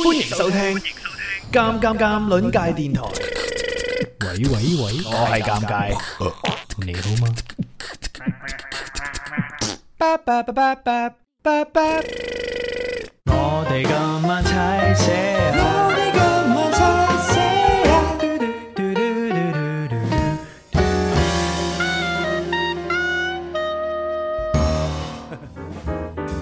歡迎收聽《尷尷尷》輪界電台。喂喂喂，我係尷尬，你好嗎？我哋今晚齊寫，我哋今晚齊寫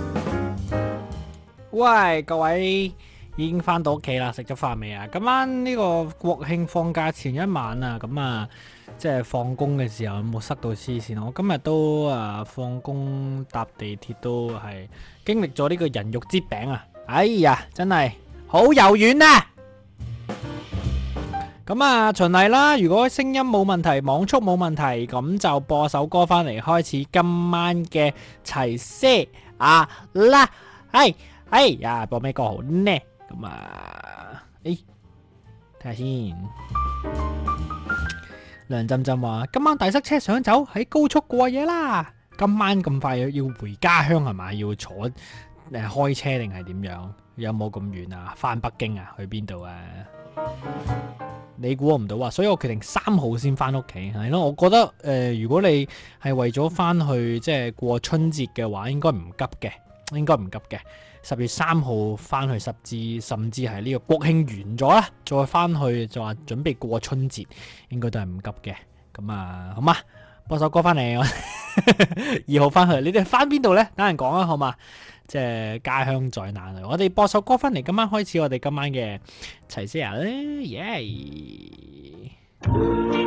啊！喂，各位。已經翻到屋企啦，食咗飯未啊？今晚呢個國慶放假前一晚啊，咁啊，即係放工嘅時候有冇塞到黐線？我今日都啊放工搭地鐵都係經歷咗呢個人肉煎餅啊！哎呀，真係好柔軟啊！咁啊，循例啦，如果聲音冇問題，網速冇問題，咁就播首歌翻嚟開始今晚嘅齊些牙啊啦，哎哎呀，播咩歌好呢？咁啊，誒、欸，睇下先。梁振振話今晚大塞車，想走喺高速過夜啦。今晚咁快要回家鄉係咪？要坐誒、呃、開車定係點樣？有冇咁遠啊？翻北京啊？去邊度啊？你估我唔到啊，所以我決定三號先翻屋企。係咯，我覺得誒、呃，如果你係為咗翻去即係過春節嘅話，應該唔急嘅，應該唔急嘅。十月三號翻去，十至甚至係呢個國慶完咗啦，再翻去就話準備過春節，應該都係唔急嘅咁啊。好嘛，播首歌翻嚟，我二號翻去，你哋翻邊度呢？等陣講啊，好嘛。即係家鄉在哪裡，我哋播首歌翻嚟。今晚開始，我哋今晚嘅齊些牙咧、嗯，耶、嗯！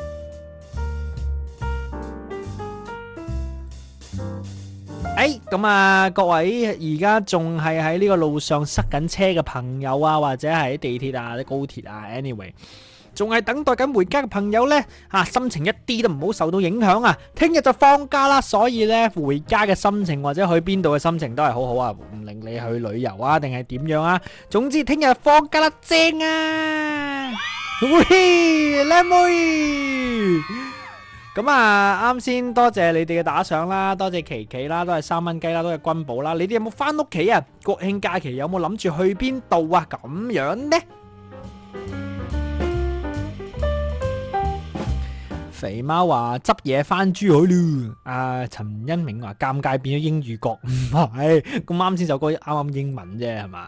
誒，咁啊，各位而家仲係喺呢個路上塞緊車嘅朋友啊，或者係喺地鐵啊、啲高鐵啊，anyway，仲係等待緊回家嘅朋友呢，吓心情一啲都唔好受到影響啊！聽日就放假啦，所以呢，回家嘅心情或者去邊度嘅心情都係好好啊，唔令你去旅遊啊，定係點樣啊？總之聽日放假啦，正啊，靚妹。咁啊，啱先多謝你哋嘅打賞啦，多謝琪琪啦，都係三蚊雞啦，都係君寶啦。你哋有冇翻屋企啊？國慶假期有冇諗住去邊度啊？咁樣呢？肥貓話執嘢翻珠海啦。阿陳恩明話尷尬變咗英語角，唔係咁啱先首歌啱啱英文啫，係嘛？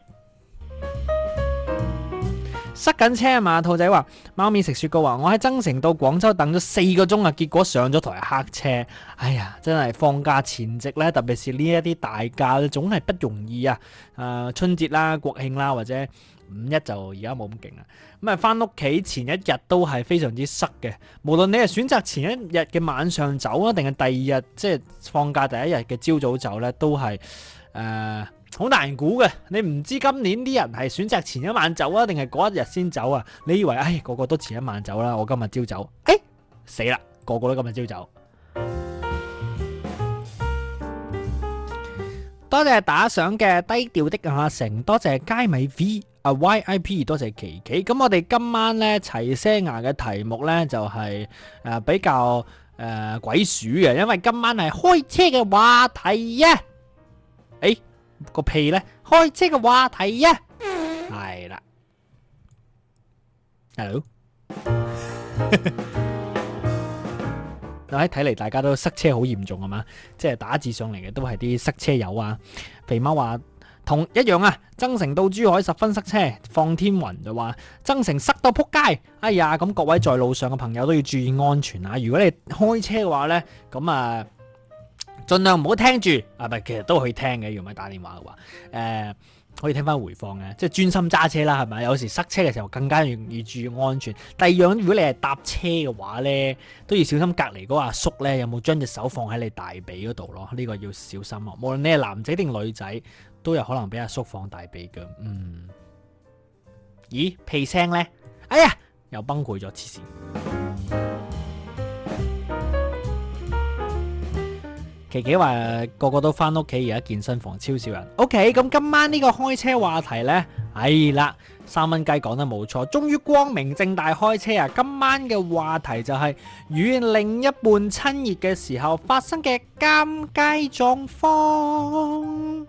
塞緊車啊嘛，兔仔話，貓咪食雪糕話，我喺增城到廣州等咗四個鐘啊，結果上咗台黑車，哎呀，真係放假前夕咧，特別是呢一啲大假，總係不容易啊。誒、呃，春節啦、國慶啦或者五一就而、嗯、家冇咁勁啦。咁啊，翻屋企前一日都係非常之塞嘅，無論你係選擇前一日嘅晚上走啊，定係第二日即係放假第一日嘅朝早走咧，都係誒。呃好難估嘅，你唔知今年啲人係選擇前一晚走啊，定係嗰一日先走啊？你以為，唉，個個都前一晚走啦、啊，我今日朝走，哎、欸，死啦，個個都今日朝走。多謝打賞嘅低調的阿成，多謝佳美 V 啊 YIP 多謝琪琪。咁我哋今晚呢，齊些牙嘅題目呢，就係、是、誒、呃、比較誒、呃、鬼鼠嘅，因為今晚係開車嘅話題啊。個屁呢！開車嘅話題啊，係啦，Hello，各位睇嚟，大家都塞車好嚴重啊嘛，即係打字上嚟嘅都係啲塞車友啊。肥貓話同一樣啊，增城到珠海十分塞車。放天雲就話增城塞到仆街，哎呀！咁各位在路上嘅朋友都要注意安全啊。如果你係開車嘅話呢，咁啊。盡量唔好聽住，啊唔係，其實都可以聽嘅，如果唔係打電話嘅話，誒、呃、可以聽翻回放嘅，即係專心揸車啦，係咪？有時候塞車嘅時候更加要注意安全。第二樣，如果你係搭車嘅話呢，都要小心隔籬嗰個阿叔呢，有冇將隻手放喺你大髀嗰度咯？呢、這個要小心啊！無論你係男仔定女仔，都有可能俾阿叔放大髀嘅。嗯，咦屁聲呢？哎呀，又崩潰咗，黐線！琪琪話個個都返屋企，而家健身房超少人。OK，咁今晚呢個開車話題呢？係、哎、啦，三蚊雞講得冇錯，終於光明正大開車啊！今晚嘅話題就係與另一半親熱嘅時候發生嘅尷尬狀況，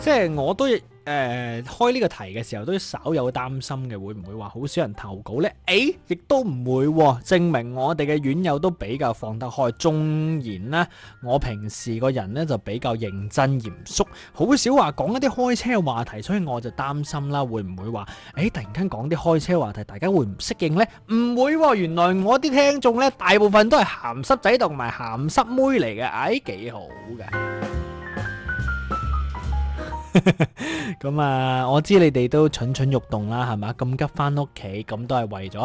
即係我都。誒、呃、開呢個題嘅時候都稍有擔心嘅，會唔會話好少人投稿呢？誒、欸，亦都唔會、哦，證明我哋嘅院友都比較放得開。縱然呢我平時個人呢就比較認真嚴肅，好少話講一啲開車嘅話題，所以我就擔心啦，會唔會話誒、欸、突然間講啲開車話題，大家會唔適應呢？唔會、哦，原來我啲聽眾呢，大部分都係鹹濕仔同埋鹹濕妹嚟嘅，誒、欸、幾好嘅。咁 啊，我知你哋都蠢蠢欲動啦，係嘛？咁急翻屋企，咁都係為咗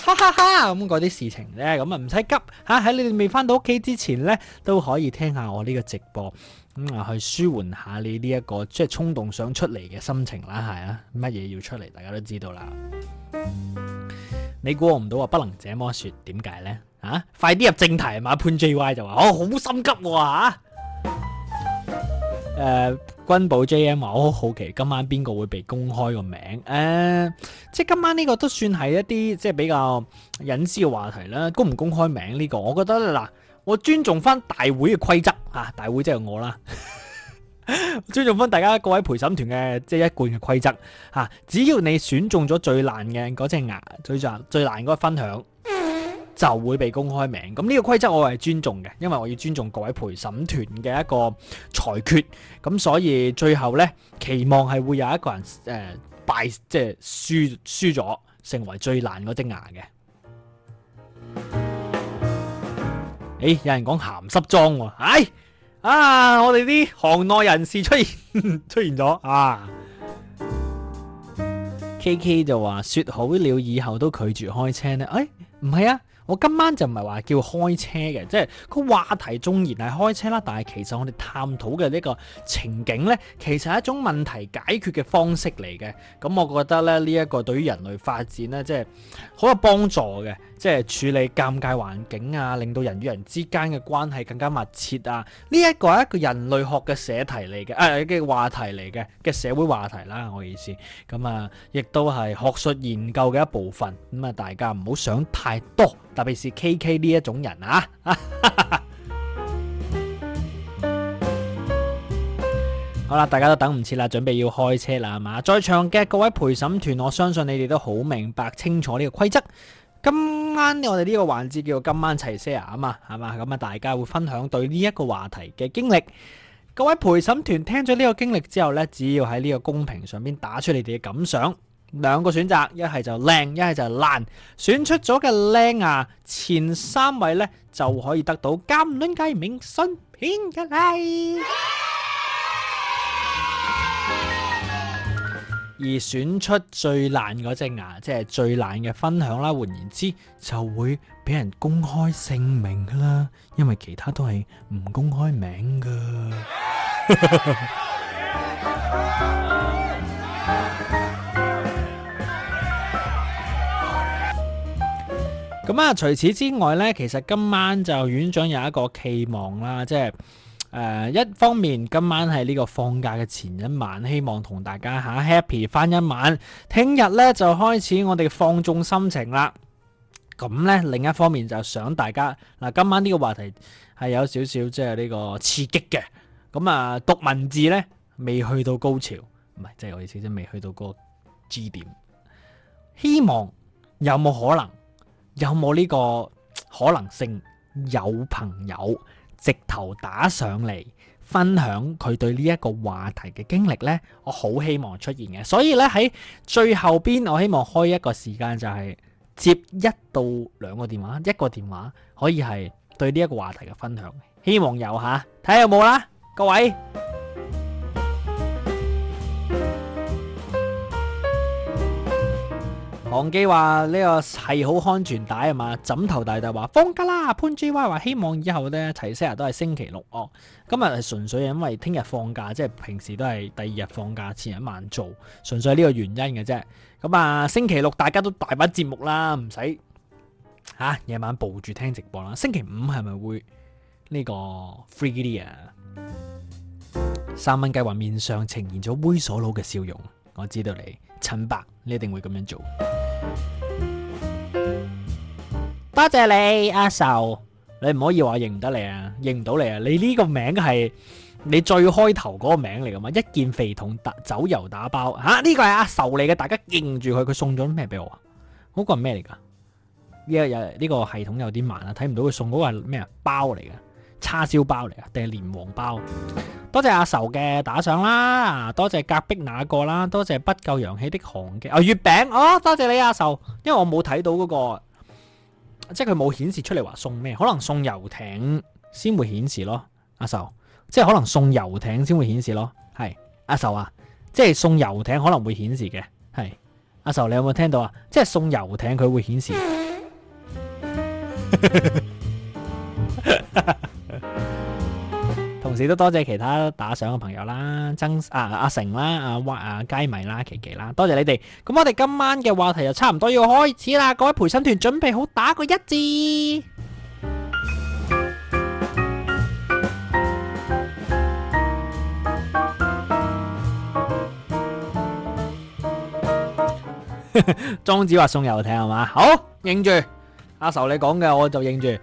哈哈哈咁嗰啲事情啫。咁啊唔使急吓。喺你哋未翻到屋企之前呢，都可以聽下我呢個直播，咁、嗯、啊去舒緩下你呢、這、一個即係衝動想出嚟嘅心情啦，係啊。乜嘢要出嚟，大家都知道啦、嗯。你估我唔到啊，不能這麼說，點解呢？啊，快啲入正題啊嘛！潘 JY 就話：，我、哦、好心急啊。啊誒、呃，君寶 JM，我好好奇今晚邊個會被公開個名誒、呃，即係今晚呢個都算係一啲即係比較隱私嘅話題啦。公唔公開名呢、這個，我覺得嗱，我尊重翻大會嘅規則吓，大會即係我啦， 尊重翻大家各位陪審團嘅即係一貫嘅規則吓，只要你選中咗最難嘅嗰隻牙，最難最難嗰個分享。就會被公開名。咁呢個規則，我係尊重嘅，因為我要尊重各位陪審團嘅一個裁決。咁所以最後呢，期望係會有一個人誒敗、呃，即係輸輸咗，成為最爛嗰隻牙嘅。誒、 哎，有人講鹹濕裝喎，哎啊！我哋啲行內人士出現 出現咗了啊！K K 就話：説好了以後都拒絕開車呢。哎，誒，唔係啊！我今晚就唔係話叫開車嘅，即係個話題縱然係開車啦，但係其實我哋探討嘅呢個情景呢，其實係一種問題解決嘅方式嚟嘅。咁我覺得咧，呢、這、一個對於人類發展呢，即係好有幫助嘅。即係處理尷尬環境啊，令到人與人之間嘅關係更加密切啊。呢一個係一個人類學嘅寫題嚟嘅，啊、哎、嘅話題嚟嘅嘅社會話題啦，我意思咁啊，亦、嗯、都係學術研究嘅一部分。咁、嗯、啊，大家唔好想太多，特別是 KK 呢一種人啊。好啦，大家都等唔切啦，準備要開車啦係嘛？在場嘅各位陪審團，我相信你哋都好明白清楚呢個規則。今晚我哋呢個環節叫做今晚齊 share 啊嘛，係嘛，咁啊大家會分享對呢一個話題嘅經歷。各位陪審團聽咗呢個經歷之後呢，只要喺呢個公屏上面打出你哋嘅感想，兩個選擇，一係就靚，一係就爛，選出咗嘅靚啊前三位呢就可以得到監論界明信片嘅禮。而選出最爛嗰隻牙，即係最爛嘅分享啦。換言之，就會俾人公開姓名噶啦，因為其他都係唔公開名噶。咁 啊， 除此之外呢，其實今晚就院長有一個期望啦，即係。誒，uh, 一方面今晚係呢個放假嘅前一晚，希望同大家吓 happy 翻一晚。聽日呢，就開始我哋放縱心情啦。咁呢，另一方面就想大家嗱，今晚呢個話題係有少少即係呢個刺激嘅。咁啊，讀文字呢，未去到高潮，唔係即係我意思，即未去到嗰個 G 點。希望有冇可能，有冇呢個可能性？有朋友。直頭打上嚟，分享佢對呢一個話題嘅經歷呢，我好希望出現嘅。所以呢，喺最後邊，我希望開一個時間就係接一到兩個電話，一個電話可以係對呢一個話題嘅分享。希望有吓，睇下有冇啦，各位。王基話呢個係好安全帶啊嘛，枕頭大大話放假啦，潘 J Y 話希望以後呢，齊些牙都係星期六哦、啊。今日係純粹因為聽日放假，即係平時都係第二日放假前一晚做，純粹係呢個原因嘅啫。咁啊，星期六大家都大把節目啦，唔使吓夜晚抱住聽直播啦。星期五係咪會呢個 free 啲啊？三蚊雞話面上呈現咗猥瑣佬嘅笑容，我知道你陳伯，你一定會咁樣做。多謝你阿壽，你唔可以話認唔得你啊，認唔到你啊！你呢個名係你最開頭嗰個名嚟噶嘛？一件肥桶特走油打包，吓呢個係阿壽嚟嘅，大家認住佢。佢送咗咩俾我啊？嗰個係咩嚟噶？呢個系統有啲慢啊，睇唔到佢送嗰個係咩包嚟嘅。叉燒包嚟啊，定係連黃包？多謝阿仇嘅打賞啦！多謝隔壁那個啦，多謝不夠陽氣的韓嘅哦，月餅哦，多謝你阿仇，因為我冇睇到嗰個，即係佢冇顯示出嚟話送咩，可能送遊艇先會顯示咯，阿仇，即係可能送遊艇先會顯示咯，係阿仇啊，即係送遊艇可能會顯示嘅，係阿仇，你有冇聽到啊？即係送遊艇佢會顯示。同時都多謝其他打賞嘅朋友啦，曾啊阿成啦，阿屈啊佳迷啦，琪琪啦，多謝你哋。咁我哋今晚嘅話題就差唔多要開始啦，各位陪審團準備好打個一字。莊子話送遊艇係嘛？好，認住阿仇你講嘅我就認住。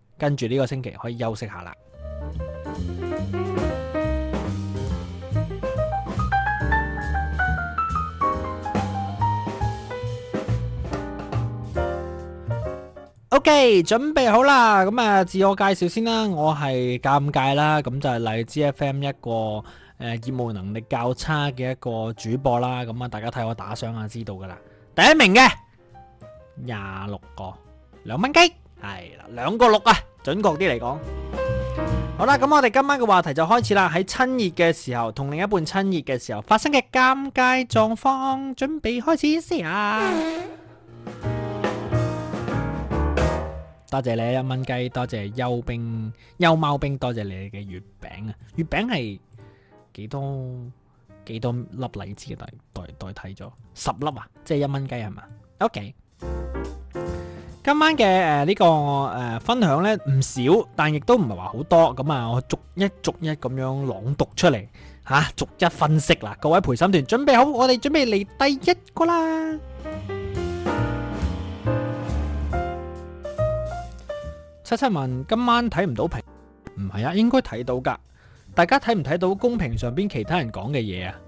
跟住呢個星期可以休息下啦。O K，準備好啦，咁啊自我介紹先啦，我係尷尬啦，咁就係荔枝 F M 一個誒業務能力較差嘅一個主播啦，咁啊大家睇我打賞就知道㗎啦，第一名嘅廿六個兩蚊雞。係啦，兩個六啊，準確啲嚟講。好啦，咁我哋今晚嘅話題就開始啦。喺親熱嘅時候，同另一半親熱嘅時候發生嘅尷尬狀況，準備開始先啊！嗯、多謝你一蚊雞，多謝幽冰幽貓冰，多謝你嘅月餅啊！月餅係幾多幾多粒荔枝代代代替咗？十粒啊？即係一蚊雞係嘛？OK。今晚嘅誒呢個誒分享呢唔少，但亦都唔係話好多，咁啊我逐一逐一咁樣朗讀出嚟吓，逐一分析啦。各位陪審團準備好，我哋準備嚟第一個啦。七七問今晚睇唔到屏？唔係啊，應該睇到噶。大家睇唔睇到公屏上面其他人講嘅嘢啊？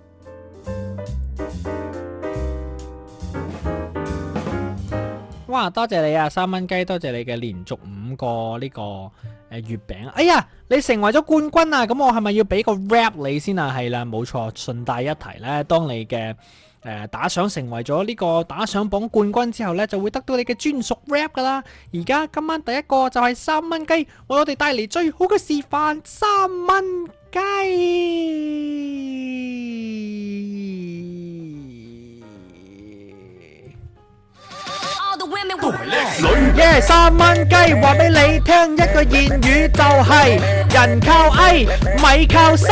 哇！多謝你啊，三蚊雞，多謝你嘅連續五個呢個月餅。哎呀，你成為咗冠軍啊！咁我係咪要俾個 rap 你先啊？係啦，冇錯，順帶一提呢。當你嘅、呃、打賞成為咗呢個打賞榜冠軍之後呢，就會得到你嘅專屬 rap 噶啦。而家今晚第一個就係三蚊雞，為我哋帶嚟最好嘅示範，三蚊雞。耶！Yeah, 三蚊雞，話俾你聽一句諺語就係、是：人靠矮，米靠西。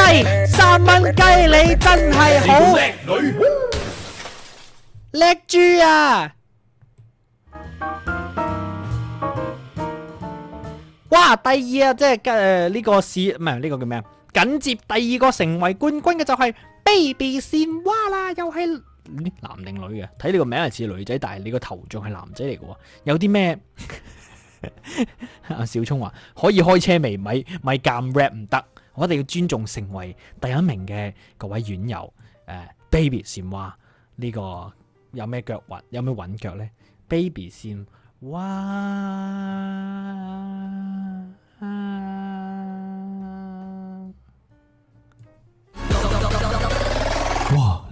三蚊雞你真係好叻豬啊！啊哇！第二啊，即係誒呢個係，唔係呢個叫咩啊？緊接第二個成為冠軍嘅就係 Baby 線蛙啦，又係。男定女嘅，睇你個名係似女仔，但係你個頭像係男仔嚟嘅。有啲咩？阿 小聰話可以開車未？咪咪咁 rap 唔得，我一定要尊重成為第一名嘅各位院友。誒、呃、，baby 先話呢個有咩腳運，有咩穩腳咧？baby 先話。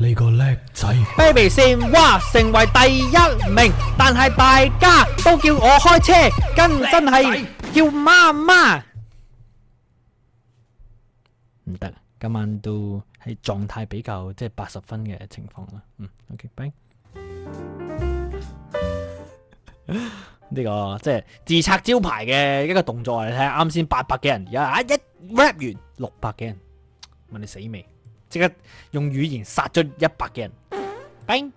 呢個叻仔，baby 先哇，成為第一名，但係大家都叫我開車，跟真係叫媽媽，唔得明，今晚都係狀態比較即係八十分嘅情況啦。嗯，OK，bye。呢、 呢個即係、就是、自拆招牌嘅一個動作，你睇下啱先八百嘅人，而家一 rap 完六百嘅人，問你死未？即刻用語言殺咗一百嘅人，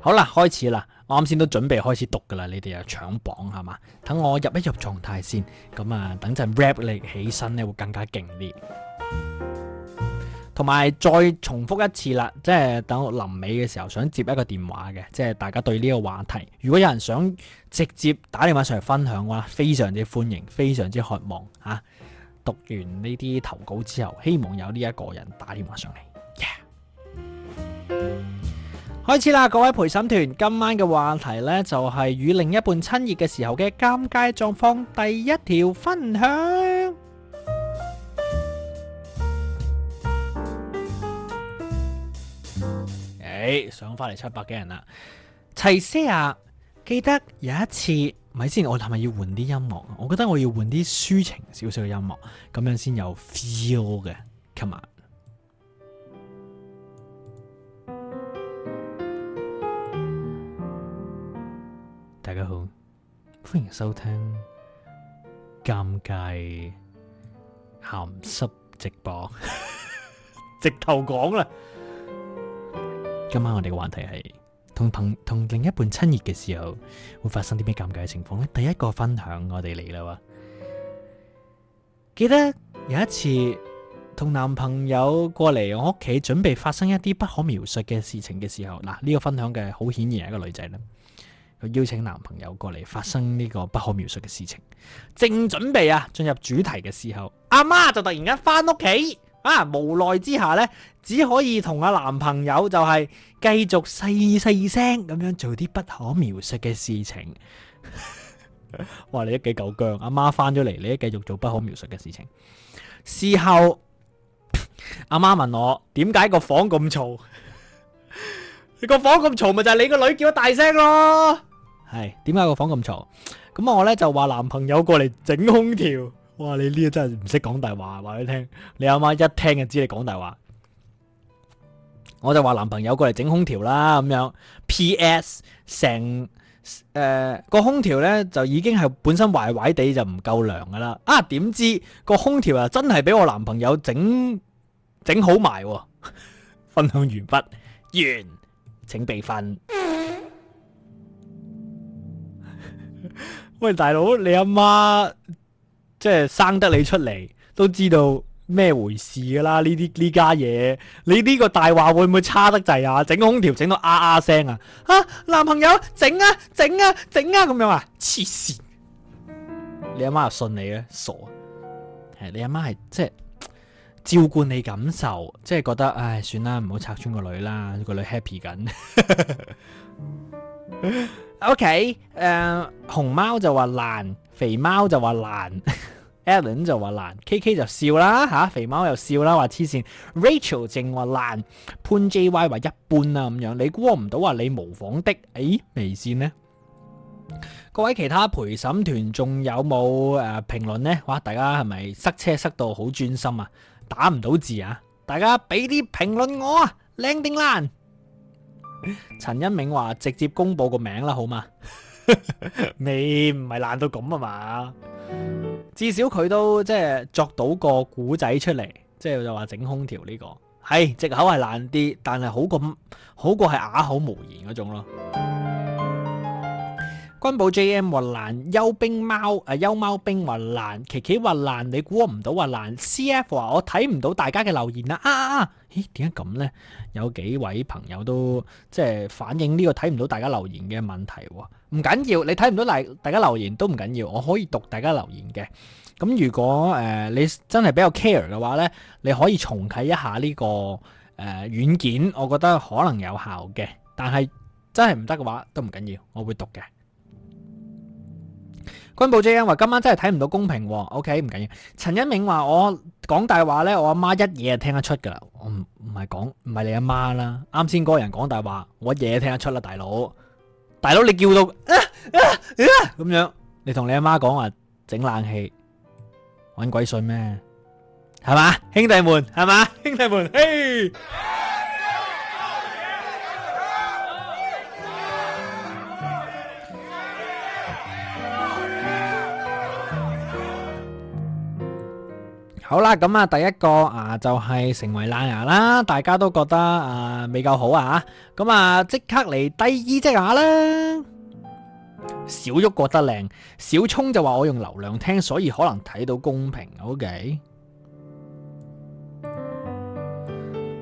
好啦，開始啦，我啱先都準備開始讀噶啦，你哋又搶榜係嘛？等我入一入狀態先，咁啊，等陣 rap 力起身咧會更加勁烈。同埋再重複一次啦，即係等我臨尾嘅時候想接一個電話嘅，即係大家對呢個話題，如果有人想直接打電話上嚟分享嘅話，非常之歡迎，非常之渴望吓。讀完呢啲投稿之後，希望有呢一個人打電話上嚟。Yeah! 開始啦，各位陪審團，今晚嘅話題呢，就係與另一半親熱嘅時候嘅尷尬狀況。第一條分享，誒、哎，上翻嚟七百幾人啦。齊些牙，記得有一次。咪先，我係咪要換啲音樂？我覺得我要換啲抒情少少嘅音樂，咁樣先有 feel 嘅。今晚大家好，歡迎收聽尷尬鹹濕直播， 直頭講啦。今晚我哋嘅話題係。同朋同另一半親熱嘅時候，會發生啲咩尷尬嘅情況咧？第一個分享我哋嚟啦，記得有一次同男朋友過嚟我屋企，準備發生一啲不可描述嘅事情嘅時候，嗱，呢個分享嘅好顯然係一個女仔呢，佢邀請男朋友過嚟發生呢個不可描述嘅事情，正準備啊進入主題嘅時候，阿媽就突然間翻屋企。啊！無奈之下呢只可以同阿男朋友就係繼續細細聲咁樣做啲不可描述嘅事情。 哇！你一幾狗僵，阿媽翻咗嚟，你一繼續做不可描述嘅事情。事後阿媽問我點解個房咁嘈？ 你個房咁嘈咪就係、是、你個女叫得大聲咯。係點解個房咁嘈？咁我呢就話男朋友過嚟整空調。哇！你呢個真係唔識講大話，話俾你聽，你阿媽一聽就知你講大話。我就話男朋友過嚟整空調啦，咁樣。P.S. 成誒個空調呢，就已經係本身壞壞地就唔夠涼噶啦。啊，點知個空調啊真係俾我男朋友整整好埋、啊。分 享完畢，完，請備瞓。 喂，大佬，你阿媽？即係生得你出嚟都知道咩回事噶啦，呢啲呢家嘢，你呢個大話會唔會差得滯啊？整個空調整到啊啊聲啊，啊，男朋友整啊整啊整啊咁，啊，樣啊？黐線！你阿媽又信你呀？傻，係你阿媽係即係照顧你感受，即係覺得唉算啦，唔好拆穿個女啦，個女 happy 緊。 OK，誒、呃，熊貓就話爛。肥貓就話爛 Alan 就話爛，K K 就笑啦吓，肥貓又笑啦話黐線，Rachel 淨話爛，潘 J Y 話一般啊咁樣，你估唔到話你模仿的誒、欸、黐線呢？各位其他陪審團仲有冇誒評論咧？哇，大家係咪塞車塞到好專心啊？打唔到字啊？大家俾啲評論我啊，靚定爛？陳 一鳴話直接公布個名啦，好嘛？ 你唔係爛到咁啊嘛，至少佢都即係作到個古仔出嚟，即係就話整空調呢、這個，係、哎、借口係爛啲，但係好過好過係啞口無言嗰種咯。軍寶 J.M 話爛，幽兵貓啊，幽貓兵話爛，琪琪話爛，你估我唔到話爛。C.F 話我睇唔到大家嘅留言呀啊啊！咦、啊，點解咁呢？有幾位朋友都即係反映呢個睇唔到大家留言嘅問題。唔、哦、緊要，你睇唔到大大家留言都唔緊要，我可以讀大家留言嘅。咁如果誒、呃、你真係比較 care 嘅話呢，你可以重啟一下呢、這個誒、呃、軟件，我覺得可能有效嘅。但係真係唔得嘅話，都唔緊要，我會讀嘅。軍報因為今晚真係睇唔到公平喎，OK 唔緊要。陳一鳴話我講大話咧，我阿媽一嘢就聽得出噶啦。我唔唔係講唔係你阿媽啦。啱先嗰個人講大話，我一嘢聽得出啦，大佬，大佬你叫到啊啊咁樣，你同你阿媽講話，整冷氣，搵鬼信咩？係嘛，兄弟們，係嘛，兄弟們，嘿！好啦，咁啊，第一個啊就係、是、成為爛牙啦，大家都覺得啊未夠好啊，咁啊即刻嚟低衣隻牙啦小玉。小旭覺得靚，小聰就話我用流量聽，所以可能睇到公平。OK，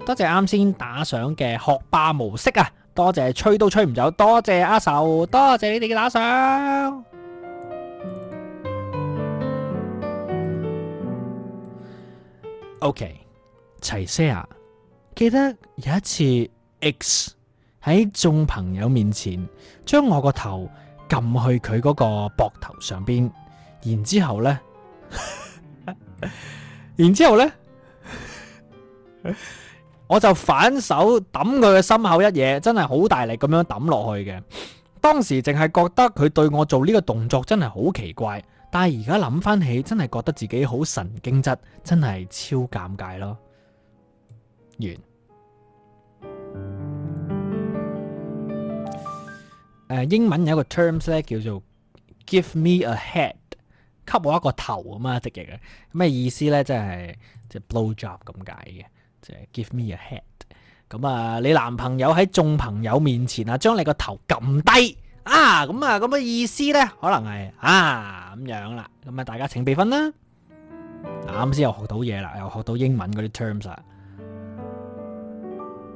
多謝啱先打賞嘅學霸模式啊，多謝吹都吹唔走，多謝阿壽，多謝你哋嘅打賞。O K，齊些牙、okay，記得有一次 X 喺眾朋友面前將我個頭撳去佢嗰個膊頭上邊，然之後呢 然之後呢 我就反手抌佢嘅心口一嘢，真係好大力咁樣抌落去嘅。當時淨係覺得佢對我做呢個動作真係好奇怪。但係而家諗翻起，真係覺得自己好神經質，真係超尷尬咯。完、 呃。英文有一個 terms 咧，叫做 give me a head，給我一個頭啊嘛，直嘅咩意思呢？即係即係 blow job 咁解嘅，即係 give me a head。咁啊，你男朋友喺眾朋友面前啊，將你個頭撳低。啊，咁啊，咁嘅意思咧，可能係啊咁樣啦，咁啊大家請備份啦。啱先又學到嘢啦，又學到英文嗰啲 terms 啦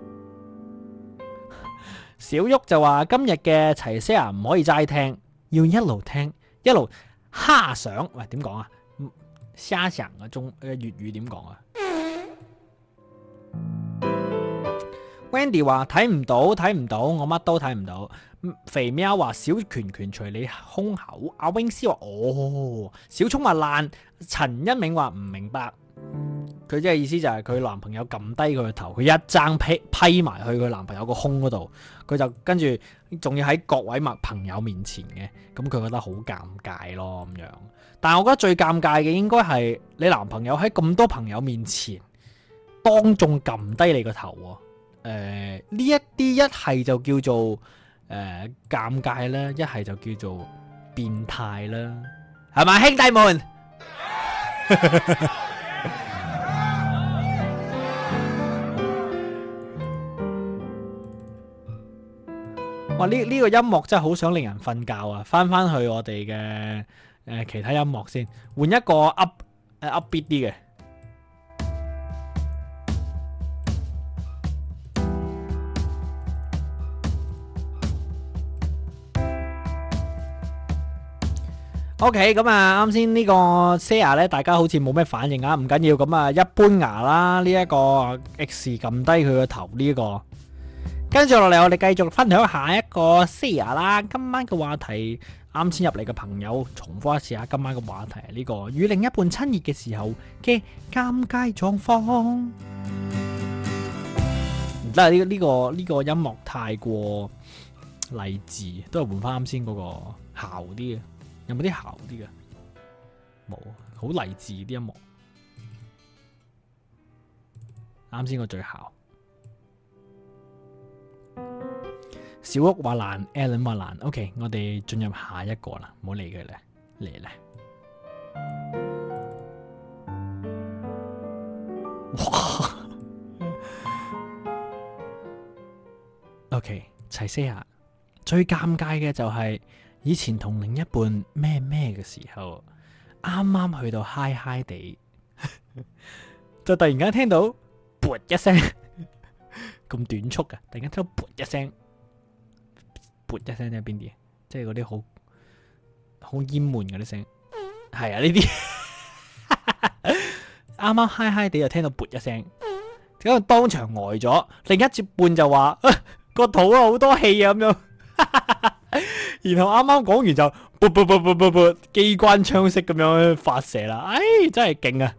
小玉就話 今日嘅齊 s i 唔可以齋聽，要一路聽一路哈想，喂點講啊 s h a 嘅中，呃、粵語點講啊？Wendy 話睇唔到，睇唔到，我乜都睇唔到。肥喵話小拳拳捶你胸口。阿 Wings 話哦，小蔥話爛。陳一鳴話唔明白。佢即係意思就係佢男朋友撳低佢個頭，佢一掙批批埋去佢男朋友個胸嗰度，佢就跟住仲要喺各位朋友面前嘅，咁佢覺得好尷尬咯咁樣。但係我覺得最尷尬嘅應該係你男朋友喺咁多朋友面前當眾撳低你個頭啊！誒，呢一啲一係就叫做誒、呃、尷尬啦，一係就叫做變態啦，係咪兄弟們？ 哇！呢呢、呢個音樂真係好想令人瞓覺啊！翻翻去我哋嘅誒其他音樂先，換一個 up 誒 upbeat 啲嘅。O K，咁啊，啱先呢個 share 咧，大家好似冇咩反應啊，唔緊要，咁啊，一般牙啦，呢一個 X 咁低佢個頭呢個，跟住落嚟，這個、我哋繼續分享下一個 share 啦。今晚嘅話題，啱先入嚟嘅朋友，重複一次下今晚嘅話題呢、這個與另一半親熱嘅時候嘅尷尬狀況。唔得呢呢呢個呢、這個這個音樂太過勵志，都係換翻啱先嗰個姣啲。有冇啲姣啲嘅？冇，好勵志啲音樂。啱先我最姣，小屋話難，Allen 話難。OK，我哋進入下一個啦，唔好理佢咧，嚟咧。哇 ！OK，齊些牙最尷尬嘅就係、是。以前同另一半咩咩嘅時候，啱啱去到嗨嗨地，就突然間聽到噗一聲，咁短促嘅、啊，突然間聽到噗一聲，噗一聲即係邊啲？即係嗰啲好好翳悶嗰啲聲。係啊，呢啲啱啱嗨嗨地又聽到噗一聲，咁當場呆咗。另一節半就話個、啊、肚啊好多氣啊咁樣。然後啱啱講完就啵啵啵啵啵啵機關槍式咁樣發射啦，哎，真係勁啊！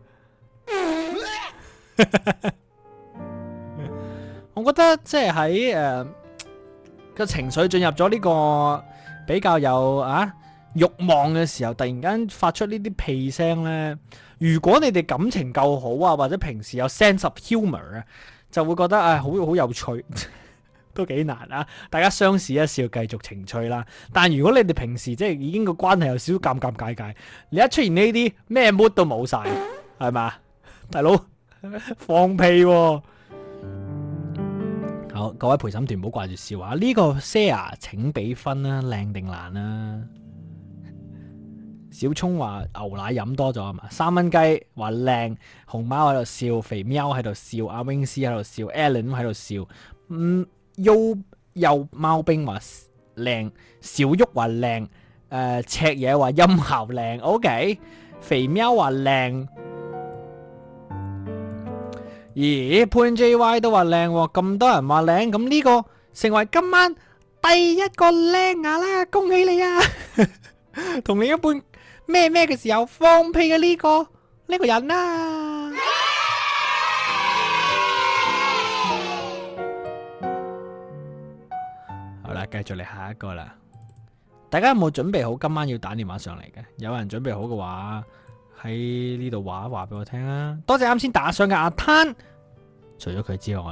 我覺得即係喺誒個情緒進入咗呢個比較有啊慾望嘅時候，突然間發出呢啲屁聲呢。如果你哋感情夠好啊，或者平時有 sense of humor 啊，就會覺得誒好好有趣。 都幾難啊！大家相視一笑，繼續情趣啦。但如果你哋平時即係已經個關係有少少尷尷尬尬，你一出現呢啲咩，mood 都冇晒，係嘛？大佬，放屁喎！好，各位陪審團唔好掛住笑啊！呢個 Sarah 請俾分啦，靚定難啊？小沖話牛奶飲多咗係嘛？三蚊雞話靚，熊貓喺度笑，肥喵喺度笑，阿 Win 絲喺度笑，Allen 喺度笑，嗯。又又貓兵話靚，小玉話靚，誒，赤嘢話音效靚，OK，肥喵話靚，咦，潘 JY 都話靚，咁多人話靚，咁呢個成為今晚第一個靚牙啦，恭喜你啊！同你一半咩咩嘅時候放屁嘅呢個呢個人啦～繼續嚟下一個啦，大家有冇準備好今晚要打電話上嚟嘅？有人準備好嘅話喺呢度話一話俾我聽啊！多謝啱先打上嘅阿灘，除咗佢之外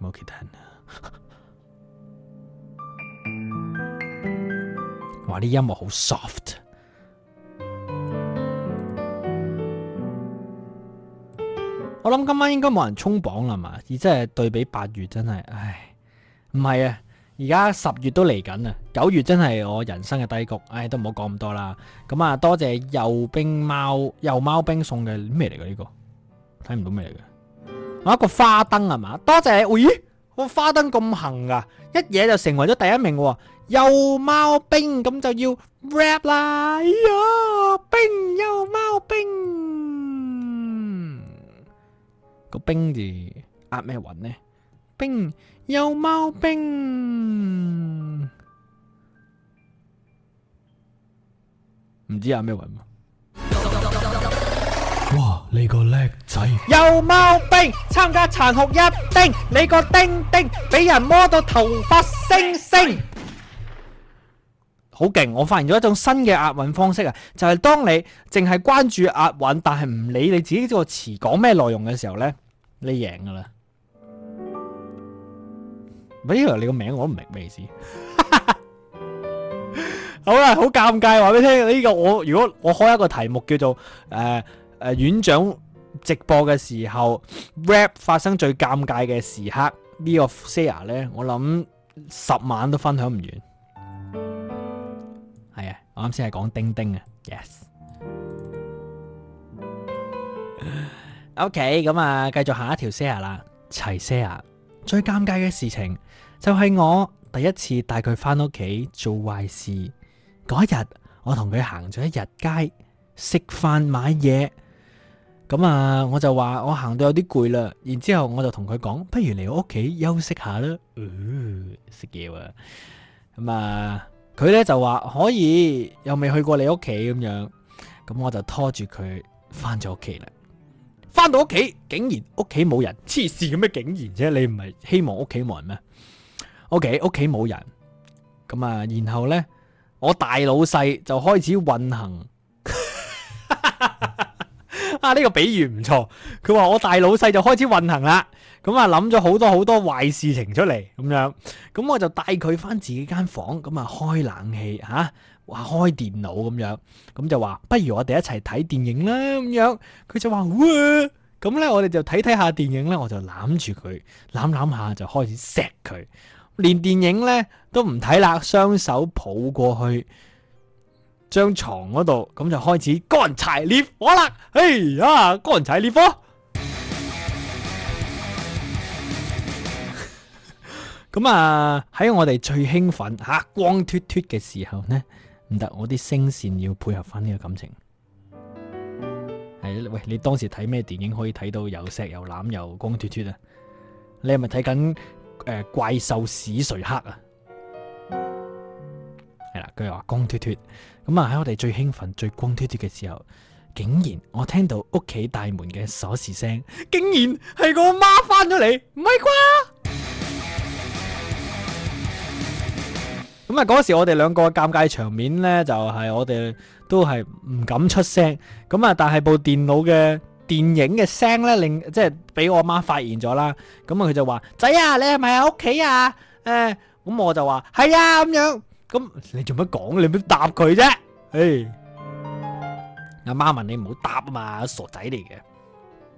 冇其他人。 哇，啲音樂好 soft。我諗今晚應該冇人衝榜啦，嘛？而即係對比八月，真係，唉，唔係啊。而家十月都嚟緊啦，九月真係我人生嘅低谷，唉，都唔好講咁多啦。咁、這個、啊，多謝幼兵貓幼貓兵送嘅咩嚟嘅呢個？睇唔到咩嚟嘅？我一個花燈係嘛？多謝，咦個花燈咁行噶，一嘢就成為咗第一名喎。幼貓兵咁就要 rap 啦，哎呀，兵幼貓兵個兵字押咩韻呢？兵。有貓兵，唔知啊咩運？哇！你個叻仔，有貓兵參加殘酷一丁，你個丁丁俾人摸到頭髮星星，好勁！我發現咗一種新嘅押韻方式啊，就係當你淨係關注押韻，但係唔理你自己呢個詞講咩內容嘅時候呢，你贏噶啦。唔係你個名我唔明咩意思， 好啦，好尷尬，話俾你聽。呢、這個我如果我開一個題目叫做誒誒院長直播嘅時候 rap 發生最尷尬嘅時刻呢、這個些牙咧，我諗十晚都分享唔完。係啊，我啱先係講叮叮啊，yes。OK，咁、嗯、啊，繼續下一條些牙啦，齊些牙最尷尬嘅事情。就係我第一次帶佢翻屋企做壞事嗰日，我同佢行咗一日街，食飯買嘢。咁啊，我就話我行到有啲攰啦，然之後我就同佢講，不如嚟我屋企休息下啦，嗯，食嘢啊，咁啊，佢呢就話可以，又未去過你屋企咁樣，咁我就拖住佢翻咗屋企啦，翻到屋企竟然屋企冇人，黐線咁咩？竟然啫，你唔係希望屋企冇人咩？屋企屋企冇人咁啊，然後呢，我大老細就開始運行 啊。呢、這個比喻唔錯，佢話我大老細就開始運行啦。咁啊，諗咗好多好多壞事情出嚟咁樣。咁我就帶佢返自己間房間，咁啊開冷氣吓，話、啊、開電腦咁樣。咁就話不如我哋一齊睇電影啦。咁樣佢就話，咁呢，我哋就睇睇下電影呢，我就攬住佢攬攬下就開始錫佢。連電影咧都唔睇啦，雙手抱過去張床嗰度，咁就開始乾柴烈火啦！嘿呀，啊、乾柴烈火！咁 啊，喺我哋最興奮吓、啊、光脫脫嘅時候呢？唔得，我啲聲線要配合翻呢個感情。係喂，你當時睇咩電影可以睇到又錫又攬又光脫脫啊？你係咪睇緊？誒，怪獸史瑞克啊，係啦，佢又話光脫脫咁啊。喺我哋最興奮、最光脫脫嘅時候，竟然我聽到屋企大門嘅鎖匙聲，竟然係我媽翻咗嚟，唔係啩？咁啊，嗰時我哋兩個尷尬場面咧，就係我哋都係唔敢出聲。咁啊，但係部電腦嘅。電影嘅聲咧令即係俾我媽媽發現咗啦，咁啊佢就話：仔啊，你係咪喺屋企啊？誒咁、嗯、我就話係啊，咁樣咁你做乜講？你咪答佢啫？誒阿媽問你唔好答啊嘛，傻仔嚟嘅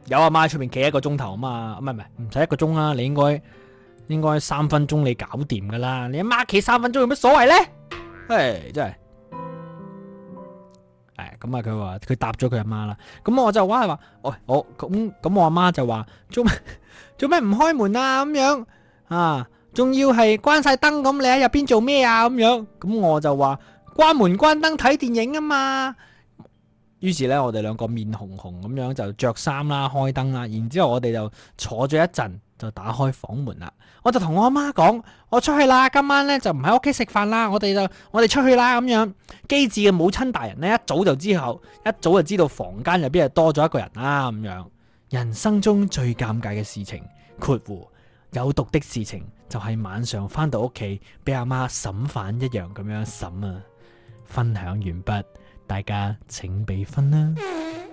有阿媽喺出邊企一個鐘頭啊嘛，唔係唔係唔使一個鐘啦、啊，你應該應該三分鐘你搞掂噶啦。你阿媽企三分鐘有乜所謂咧？誒真係。咁啊！佢話佢答咗佢阿媽啦。咁、嗯、我就話，話、哦哦嗯嗯嗯嗯嗯，我我咁咁，我阿媽就話：做咩做咩唔開門啊？咁樣啊，仲要係關晒燈咁，你喺入邊做咩啊？咁樣，咁、嗯、我就話：關門關燈睇電影啊嘛。於是咧，我哋兩個面紅紅咁樣就着衫啦，開燈啦。然之後我哋就坐咗一陣，就打開房門啦。我就同我阿媽講，我出去啦，今晚咧就唔喺屋企食飯啦，我哋就我哋出去啦咁樣。機智嘅母親大人咧一早就知道，一早就知道房間入邊係多咗一個人啦咁樣。人生中最尷尬嘅事情，括弧有毒的事情，就係晚上翻到屋企俾阿媽審犯一樣咁樣審啊。分享完畢，大家請俾分啦。嗯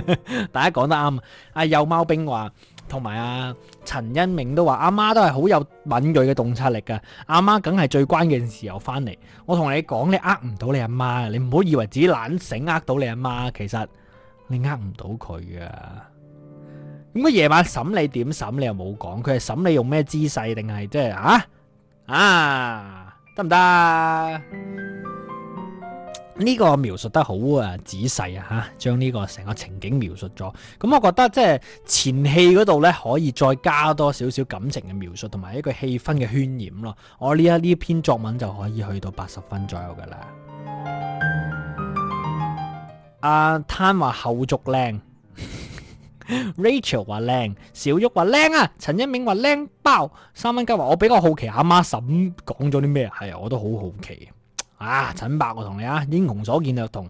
大家講得啱，阿幼貓兵話，同埋阿陳恩明都話，阿媽都係好有敏銳嘅洞察力噶，阿媽梗係最關鍵時候翻嚟。我同你講，你呃唔到你阿媽，你唔好以為自己懶醒呃到你阿媽，其實你呃唔到佢噶。咁個，啊，夜晚審你點審你又冇講，佢係審你用咩姿勢，定係即係啊啊，得唔得？呢個描述得好啊，仔細啊，嚇，將呢個成個情景描述咗。咁、嗯、我覺得即係前戲嗰度呢，可以再加多少少感情嘅描述，同埋一個氣氛嘅渲染咯。我呢一呢篇作文就可以去到八十分左右噶啦。阿攤話後續靚 ，Rachel 話靚，小玉話靚啊，陳一鳴話靚爆，三蚊雞話我比較好奇阿媽嬸講咗啲咩，係啊，我都好好奇。啊，陳伯我同你啊，英雄所見略同。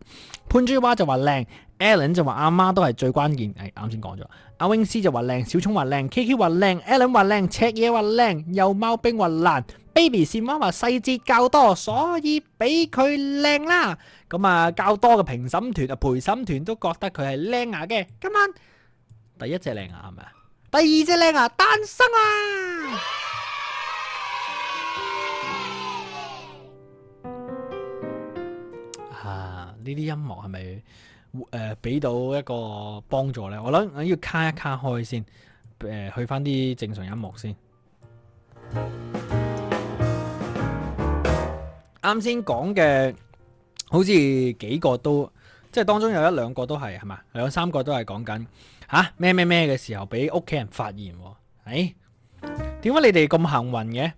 潘珠娃就話靚，Allen 就話阿媽都係最關鍵。誒、哎，啱先講咗。阿 Wins 就話靚，小聰話靚，KK 話靚，Allen 話靚，K K 赤嘢話靚，幼貓兵話爛，Baby 線媽話細節較多，所以比佢靚啦。咁啊，較多嘅評審團啊，陪審團都覺得佢係靚牙嘅。今晚第一隻靚牙係咪啊？第二隻靚牙誕生啦！單身啊呢啲音樂係咪誒俾到一個幫助咧？我諗我要卡一卡開先，誒、呃、去翻啲正常音樂先。啱先講嘅好似幾個都，即係當中有一兩個都係係嘛，兩三個都係講緊嚇咩咩咩嘅時候俾屋企人發現喎。誒，點解你哋咁幸運嘅？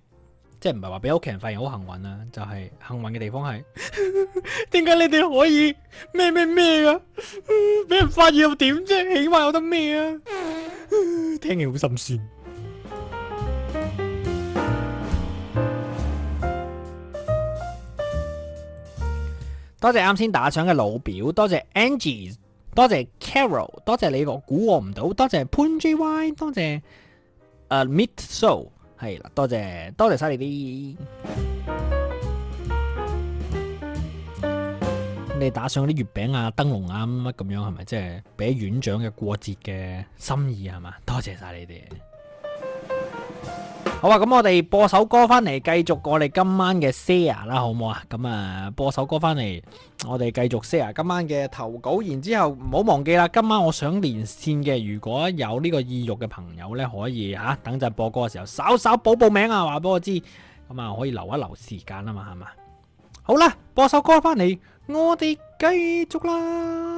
即係唔係話俾屋企人發現好幸運，就係、 啊，就係幸運嘅地方係點解你哋可以咩咩咩噶？俾人發現又點啫？起碼有得咩啊？ 聽嘢好心酸。多謝啱先打賞嘅老表，多謝 Angie，多謝 Carol，多謝你個估我唔到，多謝潘 JY，i 多謝誒、uh, Meet So 係啦，多謝，多謝晒你啲、嗯。你打上啲月餅啊、燈籠啊乜咁樣，係咪即係俾院長嘅過節嘅心意係嘛？多謝晒你哋。好啊，咁我哋播首歌翻嚟，繼續我哋今晚嘅 share 啦，好唔好啊？咁啊，播首歌翻嚟。我哋繼續 share 啊，今晚嘅投稿，然之後唔好忘記啦。今晚我想連線嘅，如果有呢個意欲嘅朋友呢，可以吓，啊、等陣播歌嘅時候稍稍報報名啊，話俾我知，咁啊可以留一留時間啊嘛，係嘛。好啦，播首歌翻嚟，我哋繼續啦。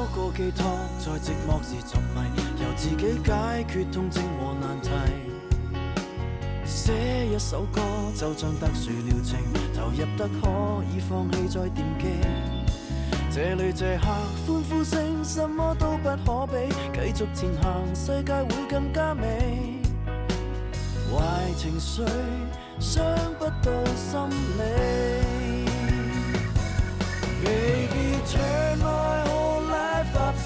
個寄託在寂寞時沉迷，由自己解決痛症和難題。寫一首歌，就像特殊療程，投入得可以放棄再惦記。這裏這刻歡呼聲，什麼都不可比，繼續前行，世界會更加美。壞情緒傷不到心靈。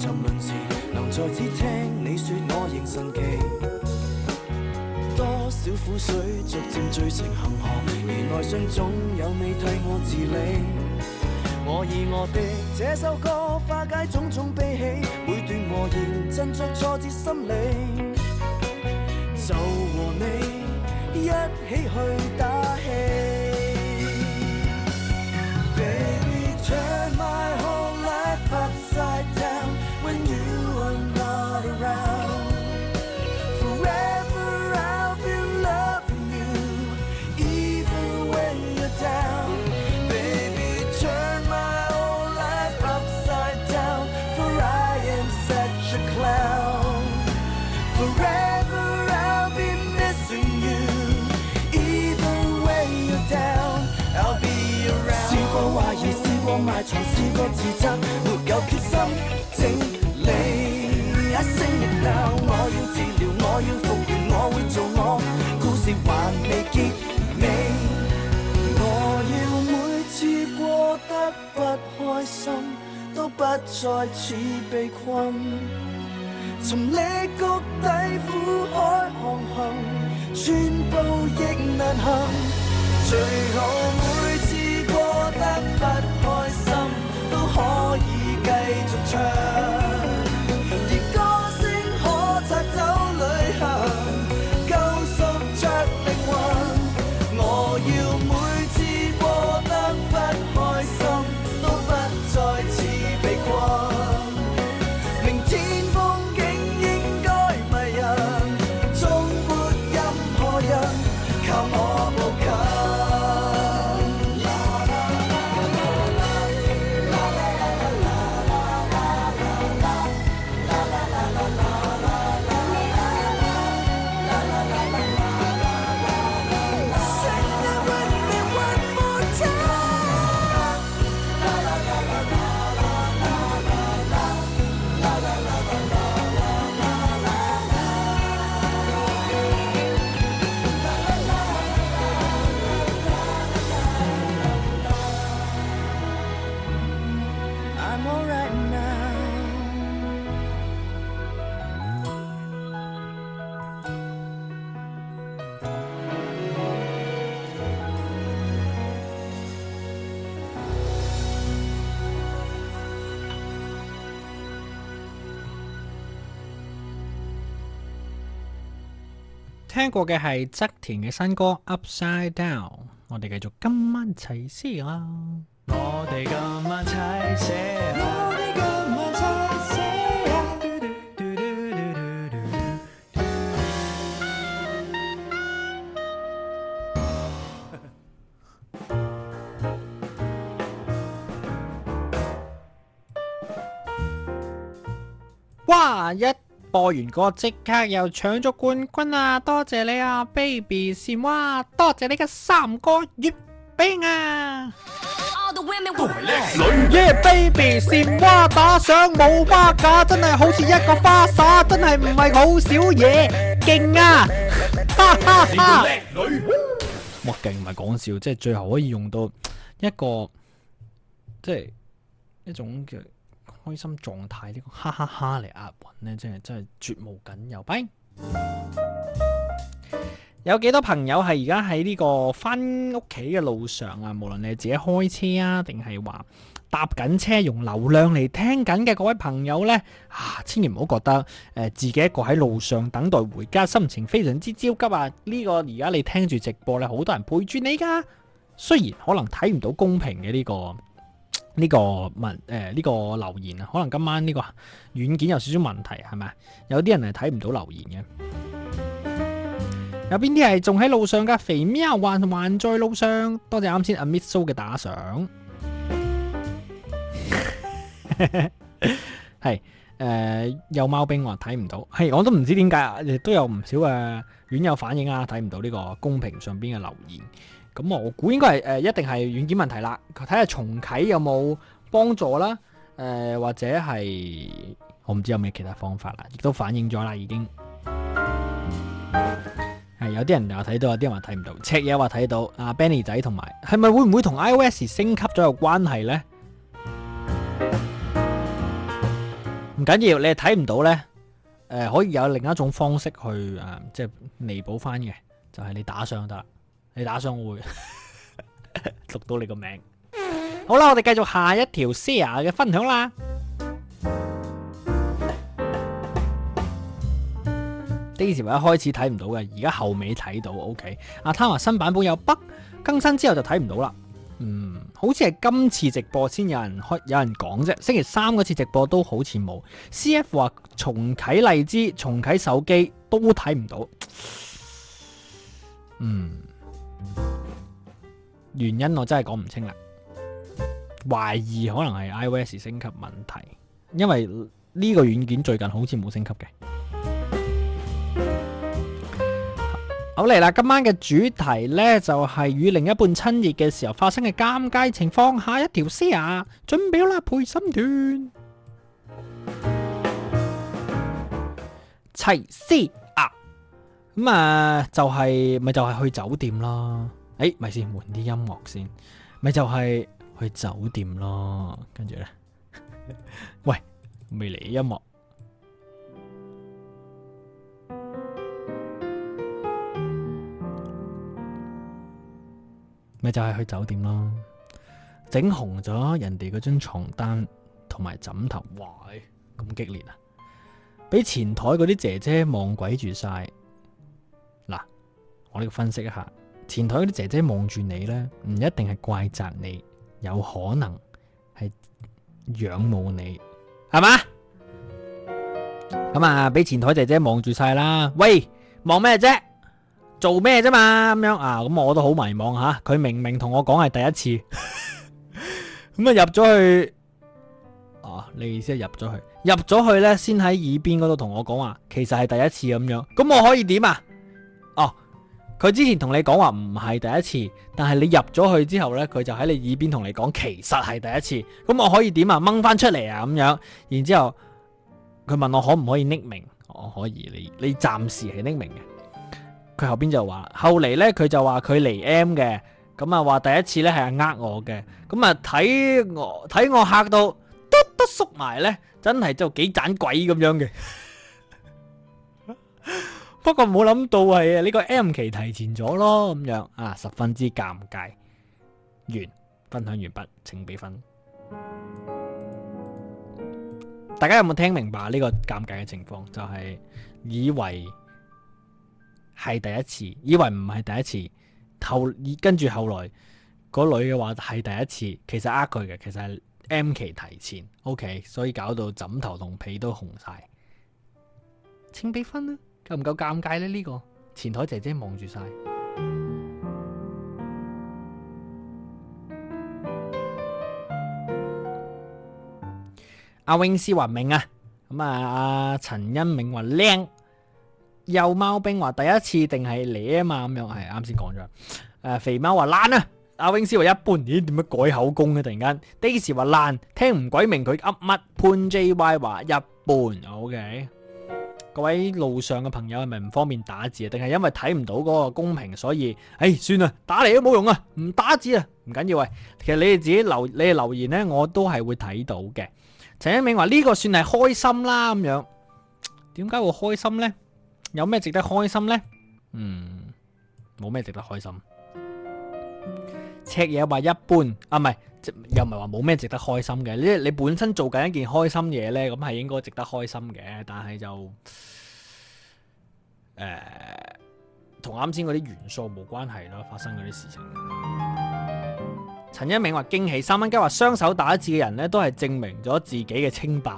沉淪時，能再次聽你說我仍神奇。多少苦水，逐漸聚成恆河，而內心總有你替我治理。我以我的這首歌化解種種悲喜，每段和弦振作挫折心理，就和你一起去打氣。 Baby, 嘗試過自責，沒有決心。整理一聲亦鬧，我要治療，我要復原，我會做我。故事還未結尾，我要每次過得不開心，都不再似被困。從你谷底苦海航行，寸步亦難行。最後每次過得不開。可以繼續唱。聽過嘅係側田嘅新歌《Upside Down》，我哋繼續今晚齊些牙啦。我哋今晚齊些牙，我哋今晚齊些牙啊！嘟嘟嘟嘟嘟嘟嘟。哇！一播完歌即刻又搶咗冠軍啊！多謝你啊，Baby 嬋娃，多謝你嘅三個月餅啊！耶、yeah，Baby 嬋娃打賞冇花架，真係好似一個花灑，真係唔係好少嘢，勁啊！哈哈哈！哇勁，唔係講笑，即係最後可以用到一個即係一種嘅。開心狀態呢個哈哈哈，嚟押韻呢，真係真係絕無僅有。 有幾多朋友係而家喺呢個返屋企嘅路上啊？無論你係自己開車啊，定係話搭緊車用流量嚟聽緊嘅各位朋友呢？啊，千祈唔好覺得誒、呃，自己一個喺路上等待回家，心情非常之焦急啊！呢、這個而家你聽住直播咧，好多人陪住你噶，雖然可能睇唔到公平嘅呢、這個。呢、這個文誒，呢、呃，這個留言啊，可能今晚呢、這個軟件有少少問題，係咪？有啲人係睇唔到留言嘅。嗯、有邊啲係仲喺路上噶？肥喵還還在路上。多謝啱先阿 Miss Sue 嘅打賞。係誒、 呃，有貓兵我睇唔到。係我都唔知點解啊，亦都有唔少誒軟友反應啊，睇唔到呢個公屏上邊嘅留言。咁我估應該係誒、呃，一定係軟件問題啦。睇下重啟有冇幫助啦，誒、呃、或者係我唔知有咩其他方法啦，亦都反映咗啦，已經係、嗯、有啲人又睇到，有啲人話睇唔到，赤嘢話睇到，阿、啊、Benny 仔同埋，係咪會唔會同 iOS 升級咗有關係呢？唔緊要，你係睇唔到呢。誒、呃、可以有另一種方式去誒、呃、即係彌補翻嘅，就係、是、你打上得啦。你打上會讀 到你個名字好啦、嗯，我哋繼續下一條 share 嘅分享啦。Daisy 話一開始睇唔到嘅，而家後尾睇到。O K 阿他話新版本有 bug，更新之後就睇唔到啦。嗯，好似係今次直播先有人開，有人講啫。星期三嗰次直播都好似冇。C F 話重啟荔枝重啟手機都睇唔到。嗯。原因我真係講唔清啦，懷疑可能係 iOS 升級問題，因為呢個軟件最近好似冇升級嘅。好嚟啦，今晚嘅主題呢就係、是、與另一半親熱嘅時候發生嘅尷尬情況下，一條絲啊，準備好啦，陪心團，齊思。咁啊、嗯，就係、是、咪就係去酒店咯？誒、欸，咪先換啲音樂先，咪就係去酒店咯。跟住呢， 喂，未嚟音樂咪 就係去酒店咯。整紅咗人哋嗰張床單同埋枕頭，哇咁激烈啊，俾前台嗰啲姐姐望鬼住晒。我哋分析一下，前台啲姐姐望住你呢，唔一定係怪責你，有可能係仰慕你，係嘛？咁啊，俾前台姐姐望住晒啦，喂，望咩啫？做咩啫嘛？咁樣啊，咁、啊、我都好迷茫吓、啊。佢明明同我講係第一次，咁啊入咗去，哦、啊，你意思係入咗去，入咗去呢，先喺耳邊嗰度同我講話，其實係第一次咁樣。咁我可以點啊？哦、啊。佢之前同你講話唔係第一次，但係你入咗去之後咧，佢就喺你耳邊同你講其實係第一次。咁我可以點啊？掹翻出嚟啊咁樣。然之後佢問我可唔可以匿名，我可以。你你暫時係匿名嘅。佢後邊就話，後嚟咧佢就話佢嚟 M 嘅，咁啊話第一次咧係呃我嘅。咁啊睇我睇我嚇到嘟嘟縮埋咧，真係就幾盞鬼咁樣嘅。不過冇諗到係呢個 M 期提前咗咯，咁樣啊，十分之尷尬。完，分享完畢，請畀分。大家有冇聽明白呢個尷尬嘅情況？就係以為係第一次，以為唔係第一次，後跟住後來嗰女嘅話係第一次，其實呃佢嘅，其實係 M 期提前。OK，所以搞到枕頭同被都紅晒。請畀分呢。夠唔夠尷尬咧？呢個前台姐姐望住晒。阿永斯話明啊，咁啊，阿陳恩明話靚，幼貓兵話第一次定係你啊嘛，咁樣係啱先講咗。誒，肥貓話爛啊，阿永斯話一般，咦，點樣改口供嘅？突然間，Dee 時話爛，聽唔鬼明佢噏乜？潘 JY 話一般，OK。各位路上嘅朋友係咪唔方便打字啊？定係因為睇唔到嗰個公屏，所以誒、哎，算啦，打嚟都冇用啊，唔打字啊，唔緊要啊。其實你哋自己留你哋留言呢，我都係會睇到嘅。陳一鳴話呢個算係開心啦，咁樣點解會開心呢？有咩值得開心呢？嗯，冇咩值得開心。赤嘢話一般啊，唔係。又唔係話冇咩值得開心嘅，你你本身做緊一件開心嘢呢，咁係應該值得開心嘅，但係就誒同啱先嗰啲元素冇關係咯，發生嗰啲事情。陳一鳴話驚喜三，三蚊雞話雙手打字嘅人呢，都係證明咗自己嘅清白。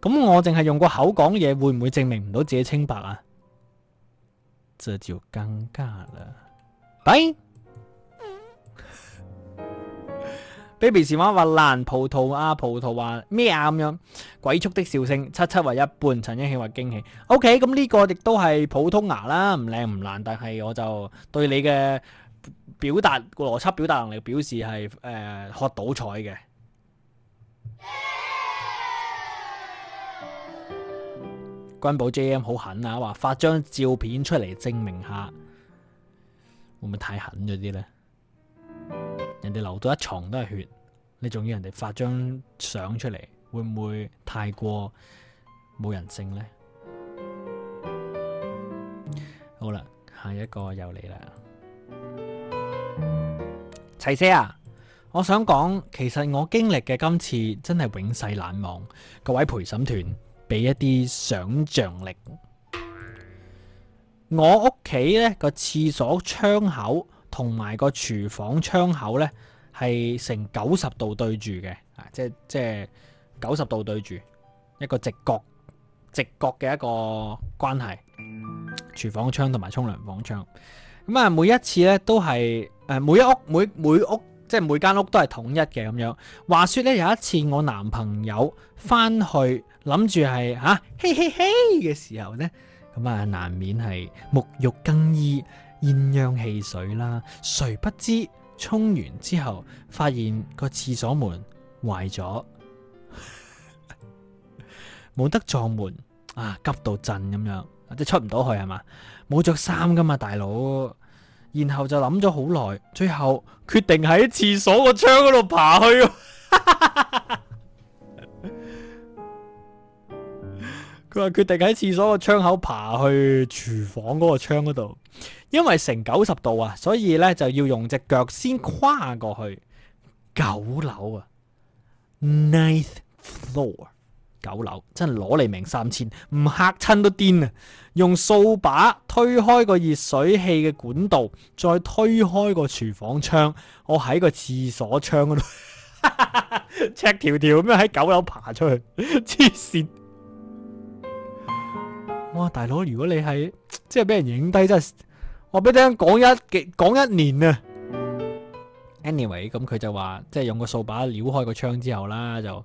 咁 我淨係用個口講嘢，會唔會證明唔到自己清白啊？這就尷尬了。baby 時話話爛葡萄啊葡萄話咩啊咁樣鬼畜的笑聲，七七或一半，陳英喜話驚喜。O K，咁呢個亦都係普通牙啦，唔靚唔爛，但係我就對你嘅表達邏輯、表達能力表示係誒喝倒彩嘅。 君寶 J M 好狠啊，話發張照片出嚟證明下，會唔會太狠咗啲咧？人哋流到一床都係血，你仲要人哋發張相出嚟，會唔會太過冇人性呢？好啦，下一個又嚟啦，齊姐啊！我想講，其實我經歷嘅今次真係永世難忘。各位陪審團，俾一啲想像力，我屋企呢個廁所窗口。同埋個廚房窗口呢，係成九十度對住嘅，啊，即即九十度對住一個直角，直角嘅一個關係。廚房窗同埋沖涼房窗，咁啊，每一次呢都係誒、呃、每一屋每每屋即係每間屋都係統一嘅咁樣。話說呢，有一次我男朋友翻去諗住係嚇嘿嘿嘿嘅時候呢，咁啊難免係沐浴更衣。燕鴦汽水啦，誰不知沖完之後，發現個廁所門壞咗，冇 得撞門啊！急到震咁樣，即出唔到去係嘛？冇着衫噶嘛，大佬。然後就諗咗好耐，最後決定喺廁所個窗嗰度爬去啊。佢 話決定喺廁所個窗口爬去廚房嗰個窗嗰度。因為成九十度啊，所以咧，就要用隻腳先跨過去九樓啊，ninth floor 九樓真係攞嚟命三千，唔吓親都癲啊！用掃把推開個熱水器嘅管道，再推開個廚房窗，我喺個廁所窗嗰度，赤條條咁樣喺九樓爬出去，黐線！哇，大佬，如果你係即係俾人影低真係～我俾聽講一講一年啊。Anyway，咁佢就話即係用個掃把撩開個窗之後啦，就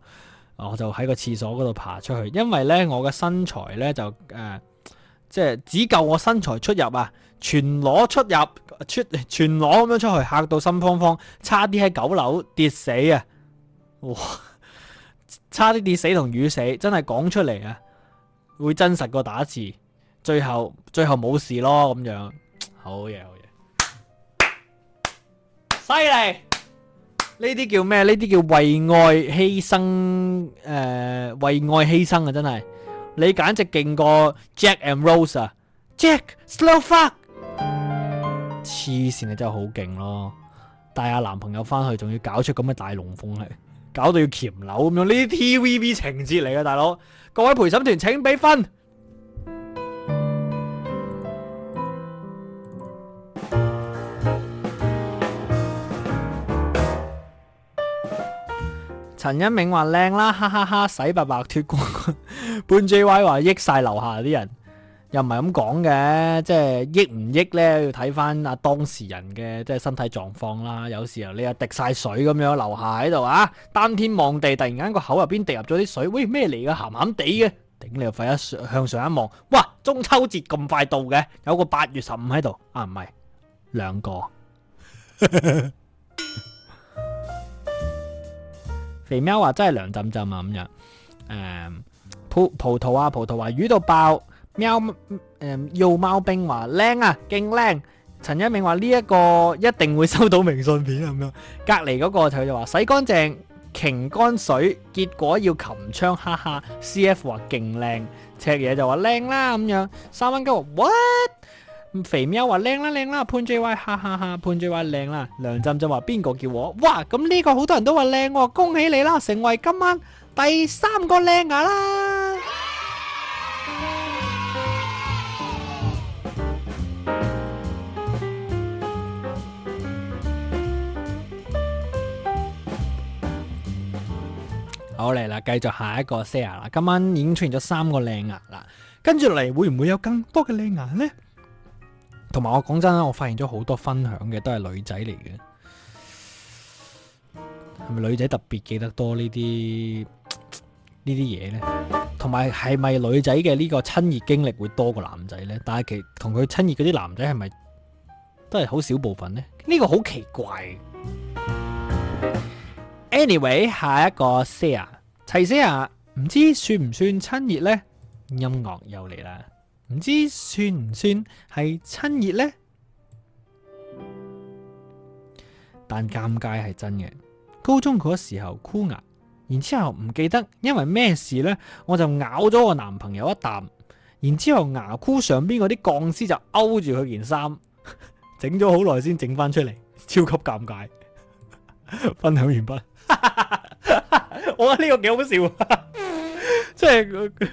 我就喺個廁所嗰度爬出去，因為呢，我嘅身材呢，就誒、呃，即係只夠我身材出入啊，全裸出入出全裸咁樣出去，嚇到心慌慌，差啲喺九樓跌死啊！哇，差啲跌死同瘀死，真係講出嚟，啊，會真實過打字。最後最後冇事咯，咁樣。好嘢，好嘢，犀利！呢啲叫咩？呢啲叫為愛犧牲，誒、呃，為愛犧牲啊！真係，你簡直勁過 Jack and Rose 啊！Jack，slow fuck，黐線，你真係好勁咯！帶下男朋友翻去，仲要搞出咁嘅大龍鳳嚟，搞到要鉗樓咁樣，呢啲 TVB 情節嚟嘅大佬，各位陪審團請俾分。陳一鳴話靚啦，哈，哈哈哈，洗白白脫光 半 JY 話益晒樓下啲人，又唔係咁講嘅，即係益唔益呢？要睇翻啊當事人嘅即係身體狀況啦。有時候你啊滴晒水咁樣，樓下喺度啊，單天望地，突然間個口入邊滴入咗啲水，喂，咩嚟嘅？鹹鹹地嘅，頂你個肺，向上一望，哇，中秋節咁快到嘅，有個八月十五喺度，啊唔係兩個。 肥喵話真係涼浸浸啊咁樣，誒、嗯、葡萄啊葡萄話瘀到爆，喵誒、呃、幼貓兵話靚啊勁靚，陳一明話呢一個一定會收到明信片咁樣，隔離嗰個佢就話洗乾淨擎乾水，結果要擒槍哈哈，C F 話勁靚，赤嘢就話靚啦咁樣，三蚊雞話 what？肥喵話靚啦靚啦，潘 J Y 哈哈哈，潘 J Y 靚啦。梁浸針話邊個叫我哇？咁呢個好多人都話靚，哦，恭喜你啦，成為今晚第三個靚牙啦。 好嚟，啦，繼續下一個 Sarah 啦。今晚已經出現咗三個靚牙啦，跟住嚟會唔會有更多嘅靚牙呢？同埋我講真啦，我發現咗好多分享嘅都係女仔嚟嘅，係咪女仔特別記得多呢啲呢啲嘢呢？同埋係咪女仔嘅呢個親熱經歷會多過男仔呢？但係其同佢親熱嗰啲男仔係咪都係好少部分呢？呢個好奇怪。Anyway，下一個些牙，齊些牙，唔知算唔算親熱呢？音樂又嚟啦。唔知算唔算係親熱呢？但尷尬係真嘅。高中嗰時候箍牙，然之後唔記得因為咩事呢？我就咬咗我男朋友一啖，然之後牙箍上邊嗰啲鋼絲就勾住佢件衫，整咗好耐先整翻出嚟，超級尷尬。 分享完畢， 我覺得呢個幾好笑， ，mm. 就是，即係。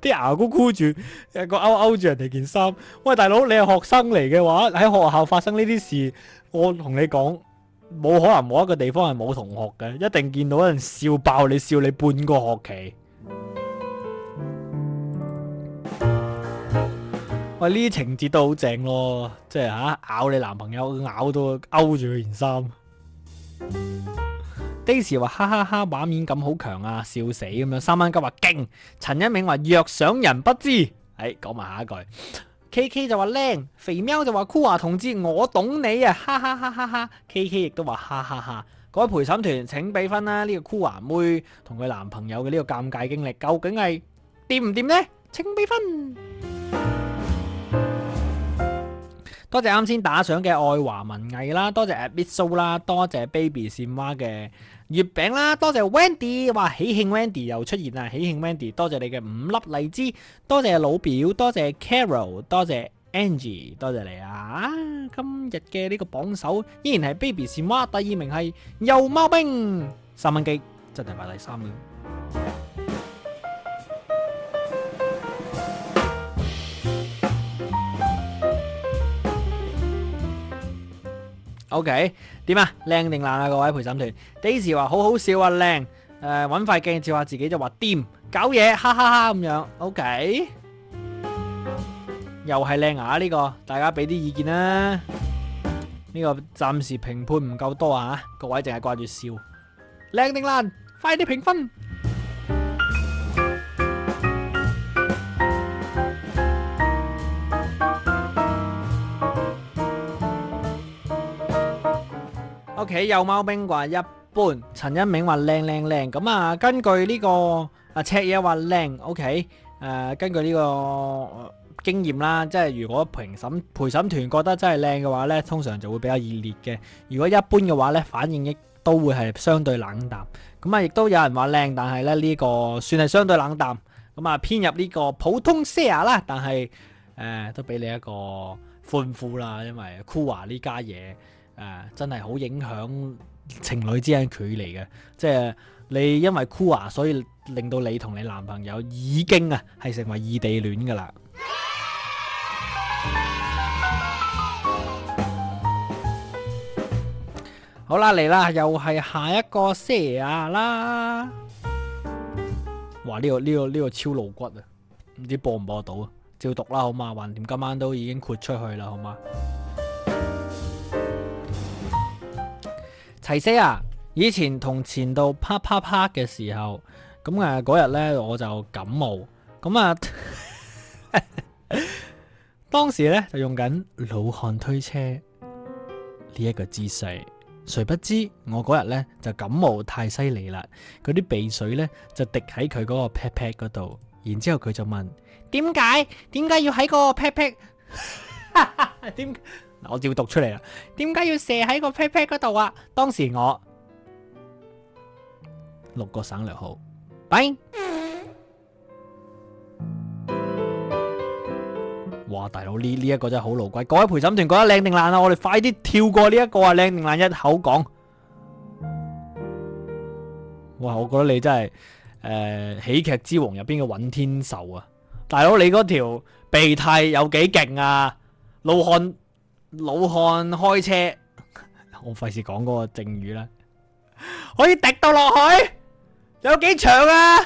啲牙箍箍住，個勾勾住人哋件衫。喂，大佬，你係學生嚟嘅話，喺學校發生呢啲事，我同你講，冇可能冇一個地方係冇同學嘅，一定見到有人笑爆你，笑你半個學期。 喂，呢啲情節都好正咯，即係吓、啊、咬你男朋友，咬到勾住佢件衫。呢時話哈哈哈，畫面感好強啊，笑死咁樣。三蚊雞話勁，陳一鳴話若想人不知，哎，講埋下一句。K K 就話靚，肥喵就話酷華同志我懂你啊，哈哈哈，哈 K K！哈哈，K K 亦都話哈哈哈。各位陪審團，請俾分啦。呢個酷華妹同佢男朋友嘅呢個尷尬經歷，究竟係掂唔掂呢？請俾分。多謝啱先打賞嘅愛華文藝啦，多謝 At Miss Sue 啦，多謝 Baby 善媽嘅月餅啦，多謝 Wendy，話喜慶 Wendy 又出現啦，喜慶 Wendy，多謝你嘅五粒荔枝，多謝老表，多謝 Carol，多謝 Angie，多謝你啊！今日嘅呢個榜首依然係 Baby 善媽，第二名係幼貓兵，三蚊雞真係排第三嘅。O K，點啊？靚定爛啊？各位陪審團，Daisy 話好好笑啊，靚誒，揾塊鏡照下自己就話掂，搞嘢，哈哈哈咁樣。O K，又係靚啊呢個，大家俾啲意見啦。呢個暫時評判唔夠多啊，各位淨係掛住笑，靚定爛，快啲評分。屋企有貓兵話一般，陳一明話靚靚靚咁啊！根據呢、這個阿、呃、赤野話靚，OK，誒、呃，根據呢、這個、呃、經驗啦，即係如果評審陪審團覺得真係靚嘅話呢，通常就會比較熱烈嘅；如果一般嘅話呢，反應亦都會係相對冷淡。咁啊，亦都有人話靚，但係咧呢、這個算係相對冷淡。咁啊，編入呢個普通 share 啦，但係誒、呃、都俾你一個歡呼啦，因為箍牙呢家嘢。誒、啊，真係好影響情侶之間距離嘅，即係你因為箍牙，所以令到你同你男朋友已經啊係成為異地戀噶啦。啊、好啦，嚟啦，又係下一個蛇啊啦！哇，呢、這個呢、這個呢、這個超露骨啊，唔知播唔播到啊？照讀啦，好嘛，橫掂今晚都已經豁出去啦，好嘛。係先啊！以前同前度啪啪啪嘅時候，咁誒嗰日呢，我就感冒，咁啊， 當時呢，就用緊老漢推車呢一，這個姿勢，誰不知我嗰日呢，就感冒太犀利啦，嗰啲鼻水呢，就滴喺佢嗰個 pat pat 嗰度，然之後佢就問：點解？點解要喺個 pat pat？ 點解？我照要讀出嚟啦。點解要射喺個屁屁嗰度啊？當時我六個省略號。拜哇、嗯！大佬呢呢一個真係好老鬼。各位陪審團覺得靚定爛啊？我哋快啲跳過呢一個啊，靚定爛一口講哇！我覺得你真係誒、呃、喜劇之王入邊嘅尹天仇啊，大佬你嗰條鼻涕有幾勁啊？老漢，老漢開車， 我費事講嗰個正語啦， 可以滴到落去，有幾長啊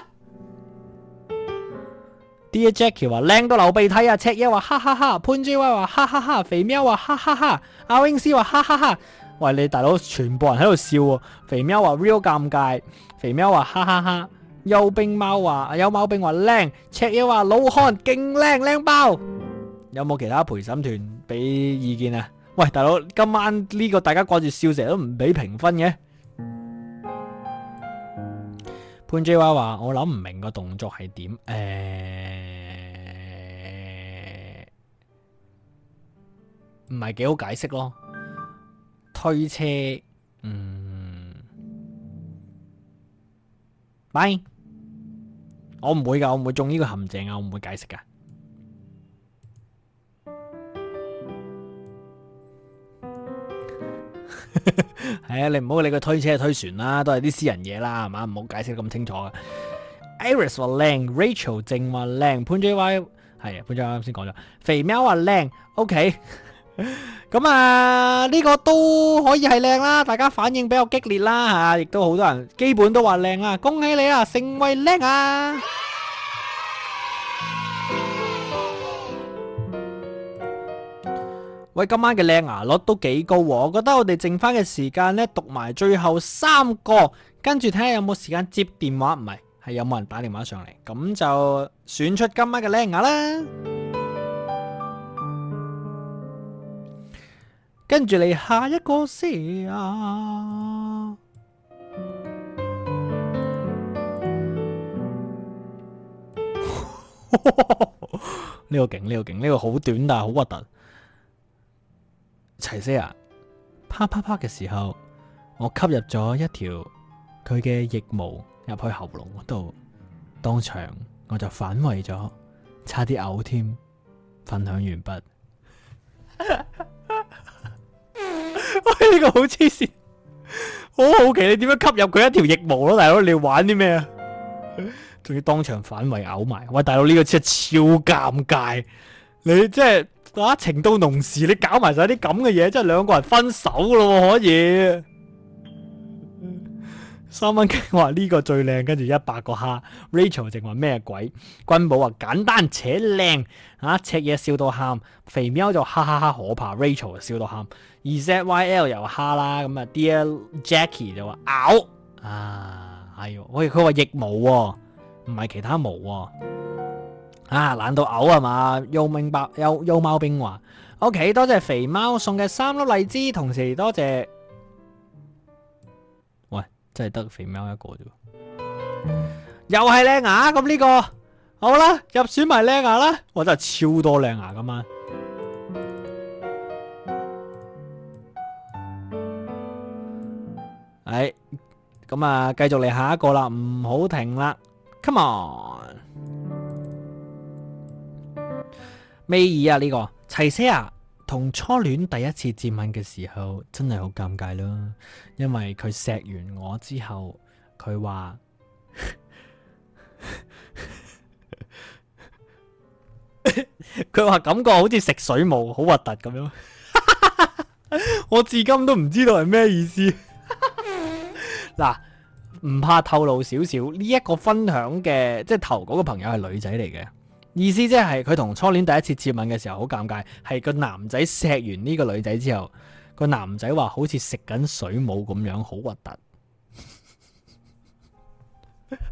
？Dear Jackie 話靚到流鼻涕啊，赤野話哈哈哈，潘珠威話哈哈哈，肥喵話哈哈哈，阿英斯話哈哈哈，喂你大佬，全部人喺度笑啊，肥喵話 real 尷尬，肥喵話哈哈哈，邱冰貓話有貓冰話靚，赤野話老漢勁靚靚爆。有冇其他陪審團俾意見啊？喂，大佬，今晚呢個大家掛住笑成日都唔俾評分嘅。潘 J 話：我諗唔明個動作係點，誒、欸，唔係幾好解釋咯。推車，嗯，Bye，我唔會噶，我唔會中呢個陷阱啊，我唔會解釋噶。係啊，你唔好理佢推車啊推船啦，都係啲私人嘢啦，係嘛？唔好解釋咁清楚啊。Aris 話靚，Rachel 正話靚，潘 JY 係啊，潘 JY 啱先講咗，肥喵話靚，OK，咁啊呢個都可以係靚啦，大家反應比較激烈啦吓，亦都好多人基本都話靚啊，恭喜你啊，成為靚啊！喂，今晚嘅靚牙率都幾高喎。哦，我覺得我哋剩翻嘅時間呢，讀埋最後三個，跟住睇下有冇時間接電話，唔係係有冇人打電話上嚟，咁就選出今晚嘅靚牙啦。跟住嚟，下一個先。啊！ 呢、這個勁，呢、這個勁，呢個好短，但係好核突。齊些牙！啪啪啪嘅時候，我吸入咗一條佢嘅腋毛入去喉嚨嗰度，當場我就反胃咗，差啲嘔添。分享完畢。喂、 哎，呢、這個好黐線， 好好奇你點樣吸入佢一條腋毛咯，大佬，你要玩啲咩啊？仲 要當場反胃嘔埋，喂，大佬呢、這個真係超尷尬。你即係啊，情到濃時，你搞埋晒啲咁嘅嘢，即係兩個人分手咯，可以。 三蚊雞話呢個最靚，跟住一百個蝦。Rachel 淨話咩鬼？君寶話簡單且靚，啊，赤嘢笑到喊，肥喵就哈哈哈可怕。Rachel 就笑到喊，而 ZYL 又蝦啦，咁啊 Dear Jackie 就話咬啊，係、哎，喂，佢話腋毛、哦，唔係其他毛、哦。啊，懶到嘔吖嘛？又明白，又幼貓冰華：，O K，多謝肥貓送嘅三粒荔枝，同時多謝，喂，真係得肥貓一個啫，又係靚牙咁，呢個好啦，入選埋靚牙啦，我真係超多靚牙㗎嘛。哎，咁啊，繼續嚟下一個啦，唔好停啦，Come on！未二啊，呢個齊些牙，同、這個、初戀第一次接吻嘅時候真係好尷尬囉，因為佢錫完我之後，佢話佢話感覺好似食水母，好核突咁樣。 我至今都唔知道係咩意思。嗱， 唔怕透露少少，呢、這、一個分享嘅即係頭嗰個朋友係女仔嚟嘅。意思即係佢同初戀第一次接吻嘅時候好尷尬，係個男仔錫完呢個女仔之後，個男仔話好似食緊水母咁樣，好核突。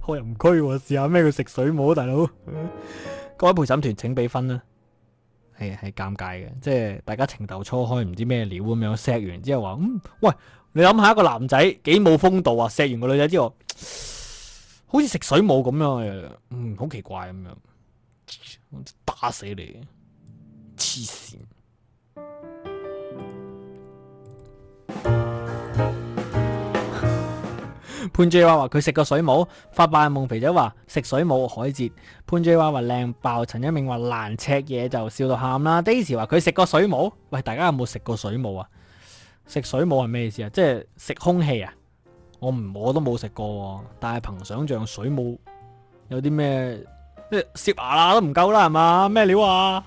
我又唔拘試下咩叫食水母，大佬。 各位陪審團請俾分啦，係係尷尬嘅，即係大家情竇初開，唔知咩料咁樣錫完之後話，嗯，喂，你諗下一個男仔幾冇風度啊？錫完個女仔之後，好似食水母咁樣，嗯，好奇怪咁樣。我打死你，痴線！ 潘 J 話：話佢食過水母。發白夢肥仔話：食水母海蜇。潘 J 話：話靚爆。陳一鳴話：難食嘢就笑到喊啦。Daisy 話：佢食過水母。喂，大家有冇食過水母啊？食水母係咩意思啊？即係食空氣啊？我唔我都冇食過，啊，但係憑想象，水母有啲咩？蝕牙啦，都唔夠啦係嘛，咩料啊？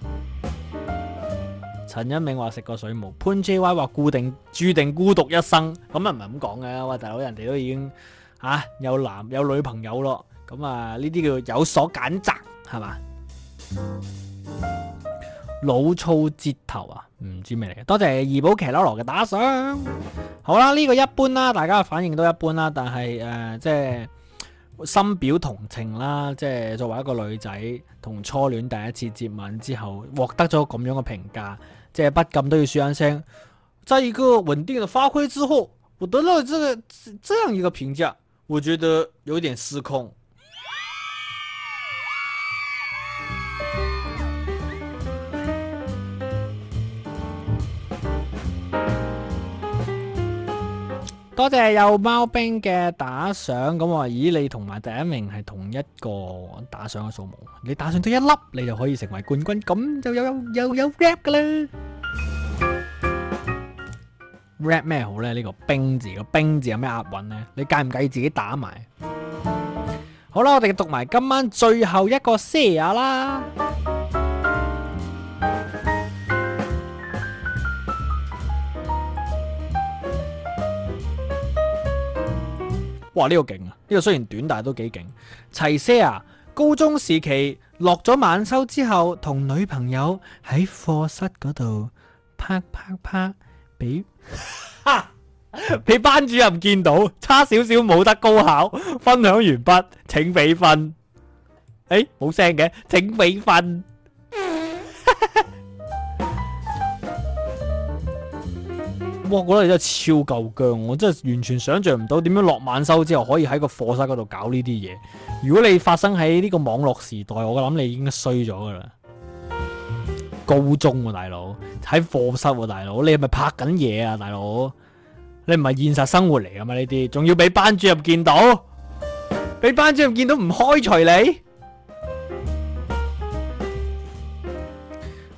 陳一鳴話食過水母，潘 JY 話固定注定孤獨一生。咁又唔係咁講嘅，喂大佬，人哋都已經吓、啊、有男有女朋友咯，咁啊呢啲叫有所揀擇係嘛？老粗折頭啊，唔知咩嚟嘅。多謝怡寶奇羅羅嘅打賞。好啦、啊、呢、這個一般啦，大家反應都一般啦，但係誒、呃、即係。深表同情啦，即係作為一個女仔，同初戀第一次接吻之後獲得咗咁樣嘅評價，即係不禁都要說一聲。在一個穩定嘅發揮之後，我得到這個這樣一個評價，我覺得有點失控。多謝有貓兵嘅打賞，咁我咦你同埋第一名係同一個打賞嘅數目，你打賞多一粒，你就可以成為冠軍，咁就有又有，有，有 rap 噶啦。 rap 咩好呢？呢、個個兵字個兵字有咩押韻呢？你介唔介意自己打埋？ 好啦，我哋讀埋今晚最後一個 share 啦。哇！呢個勁啊，呢個雖然短，但係都幾勁。齊些牙啊，高中時期落咗晚修之後，同女朋友喺課室嗰度啪啪啪，俾俾班主任見到，差少少冇得高考。分享完畢，請俾分。誒，冇聲嘅，請俾分。我覺得你真係超夠薑，我真係完全想像唔到點樣落晚修之後可以喺個課室嗰度搞呢啲嘢。如果你發生喺呢個網絡時代，我諗你已經衰咗㗎喇。高中喎、啊、大佬，喺課室喎、啊、大佬，你係咪拍緊嘢啊大佬？你唔係現實生活嚟㗎嘛呢啲，仲要俾班主任見到，俾班主任見到唔開除你？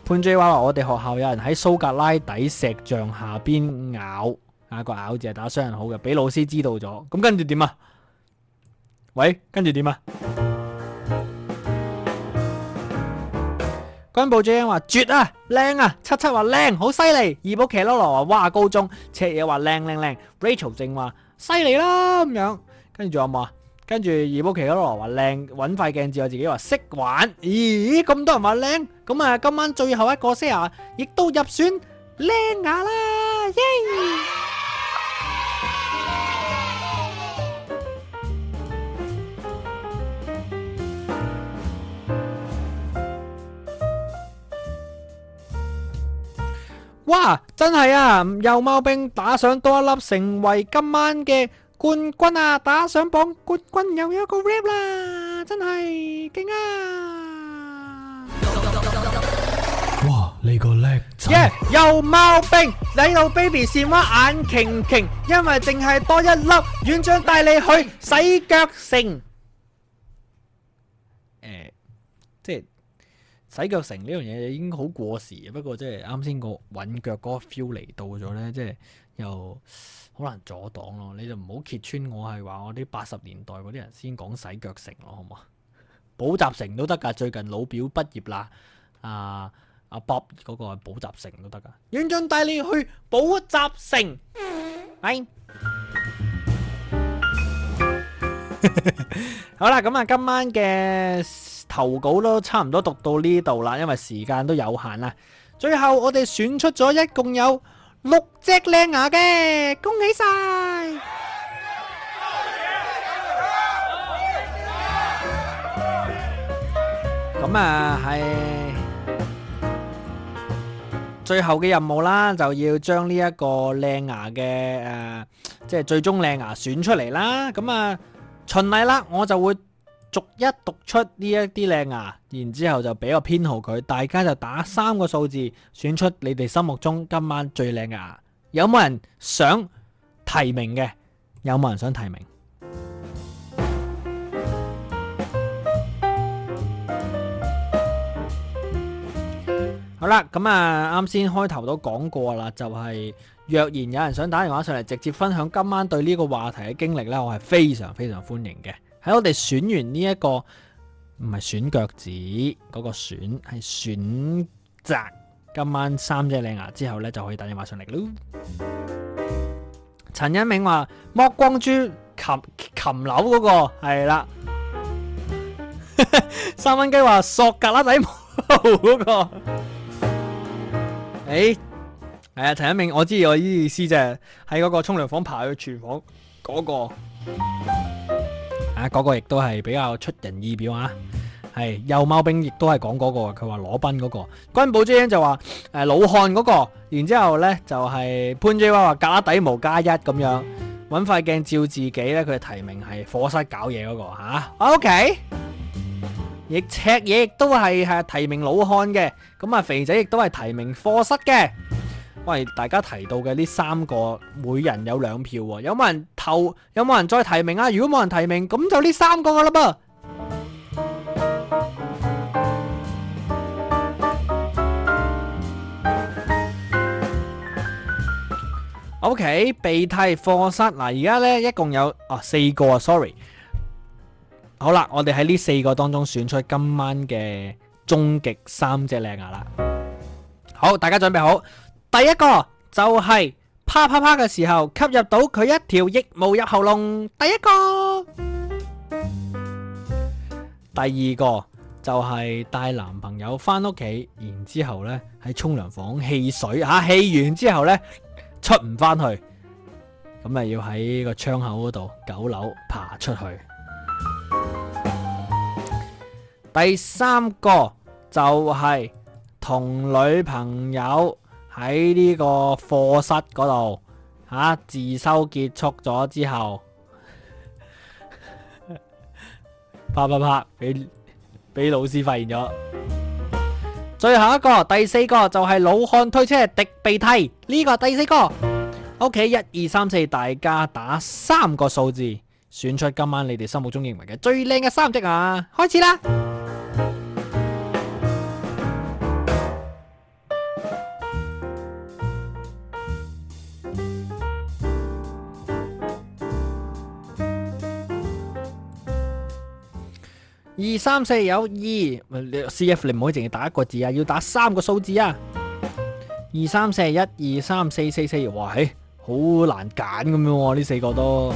潘 J 話：話我哋學校有人喺蘇格拉底石像下邊咬，啊個咬字係打傷人好嘅，俾老師知道咗。咁跟住點啊？喂，跟住點啊？軍部 J 話：絕啊，靚啊，七七話靚，好犀利。二寶騎駱駝話：哇，高中赤嘢話靚靚靚。Rachel 正話：犀利啦咁樣。跟住仲有冇啊？跟住二寶其他都話靚，揾塊鏡照我自己話識玩。咦？咁多人話靚，咁啊今晚最後一個 Sir 亦都入選靚牙啦！耶！哇！真係啊，幼貓兵打上多一粒，成為今晚嘅。冠軍啊，打上榜，冠軍又有一個 rap 啦，真係勁啊！哇，你個叻仔！耶，有毛病！你又 baby 線蛙眼擎瓊，因為淨係多一粒，院長帶你去洗腳城。誒、呃，即係洗腳城呢樣嘢已經好過時啊。不過即係啱先個搵腳嗰個 feel 嚟到咗咧，即係又。好難阻擋咯，你就唔好揭穿我係話我啲八十年代嗰啲人先講洗腳城咯，好唔好啊？補習城都得噶，最近老表畢業啦，阿、啊、阿、啊、Bob 嗰個補習城都得噶，遠近帶你去補習城，係、嗯。 好啦，咁啊，今晚嘅投稿都差唔多讀到呢度啦，因為時間都有限啦。最後我哋選出咗一共有。六隻靚牙嘅，恭喜晒！咁啊，係最後嘅任務啦，就要將呢一個靚牙嘅誒，即係最終靚牙選出嚟啦。咁啊，循例啦，我就會，逐一讀出呢一啲靚牙，然之後就俾個編號佢，大家就打三個數字選出你哋心目中今晚最靚牙。有冇人想提名嘅？有冇人想提名？嗯、好啦，咁啊，啱先開頭都講過啦，就係、是、若然有人想打電話上嚟直接分享今晚對呢個話題嘅經歷呢，我係非常非常歡迎嘅。喺我哋選完呢、這、一個唔係選腳趾嗰、那個選係選擇今晚三隻靚牙之後咧，就可以打電話上嚟咯。陳一明話剝光豬擒擒樓嗰、那個係啦， 三蚊雞話索格拉底毛嗰個誒係啊。陳、 哎、一明，我知我意思啫，喺嗰個沖涼房爬去廚房嗰、那個。啊，嗰、那個亦都係比較出人意表啊！係幼貓兵亦都係講嗰個，佢話裸奔嗰個。軍寶 J 就話誒、呃、老漢嗰、那個，然之後呢就係、是、潘 J 話格底毛加一咁樣，揾塊鏡照自己呢，佢提名係課室搞嘢嗰、那個吓。O K，亦赤亦都係、啊、提名老漢嘅，咁啊肥仔亦都係提名課室嘅。喂，大家提到嘅呢三個，每人有兩票喎。有冇人投？有冇人再提名啊？如果冇人提名，咁就呢三個噶啦噃。OK，鼻涕課室嗱，而家、okay, 啊、呢，一共有啊四個啊，sorry。好啦，我哋喺呢四個當中選出今晚嘅終極三隻靚牙啦。好，大家準備好。第一個就係、是、啪啪啪嘅時候吸入到佢一條腋毛，入喉嚨。第一個，第二個就係、是、帶男朋友返屋企，然之後呢喺沖涼房戲水吓，戲、啊、完之後呢，出唔返去，咁啊要喺個窗口嗰度九樓爬出去。 第三個就係、是、同女朋友。喺呢個課室嗰度，吓、啊、自修結束咗之後，啪啪啪，俾老師發現咗。最後一個、第四個就係老漢推車的鼻涕，呢、這個第四個。OK，一二三四，大家打三個數字，選出今晚你哋心目中認為嘅最靚嘅三隻啊，開始啦！二三四有二，你 CF 你唔可以淨係打一個字啊，要打三個數字啊。二三四係一二三四四四，哇，欸，好難揀咁樣喎，呢四個都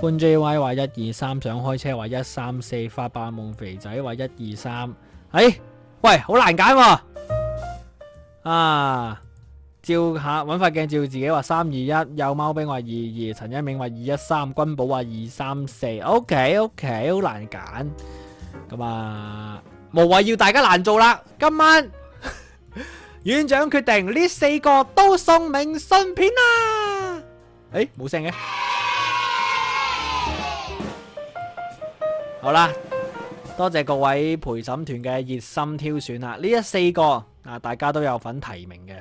潘 J Y 話一二三想開車，話一三四發白夢肥仔話一二三，哎，喂，好難揀喎，啊。啊，照下揾塊鏡照自己 21, 22, 3, 4, OK, OK，話三二一有貓兵話，二二陳一鳴話二一三，君寶話二三四，O K O K，好難揀。咁啊，無謂要大家難做啦！今晚院長決定呢四個都送明信片啊！誒，冇聲嘅，好啦，多謝各位陪審團嘅熱心挑選啊！呢一四個啊，大家都有份提名嘅，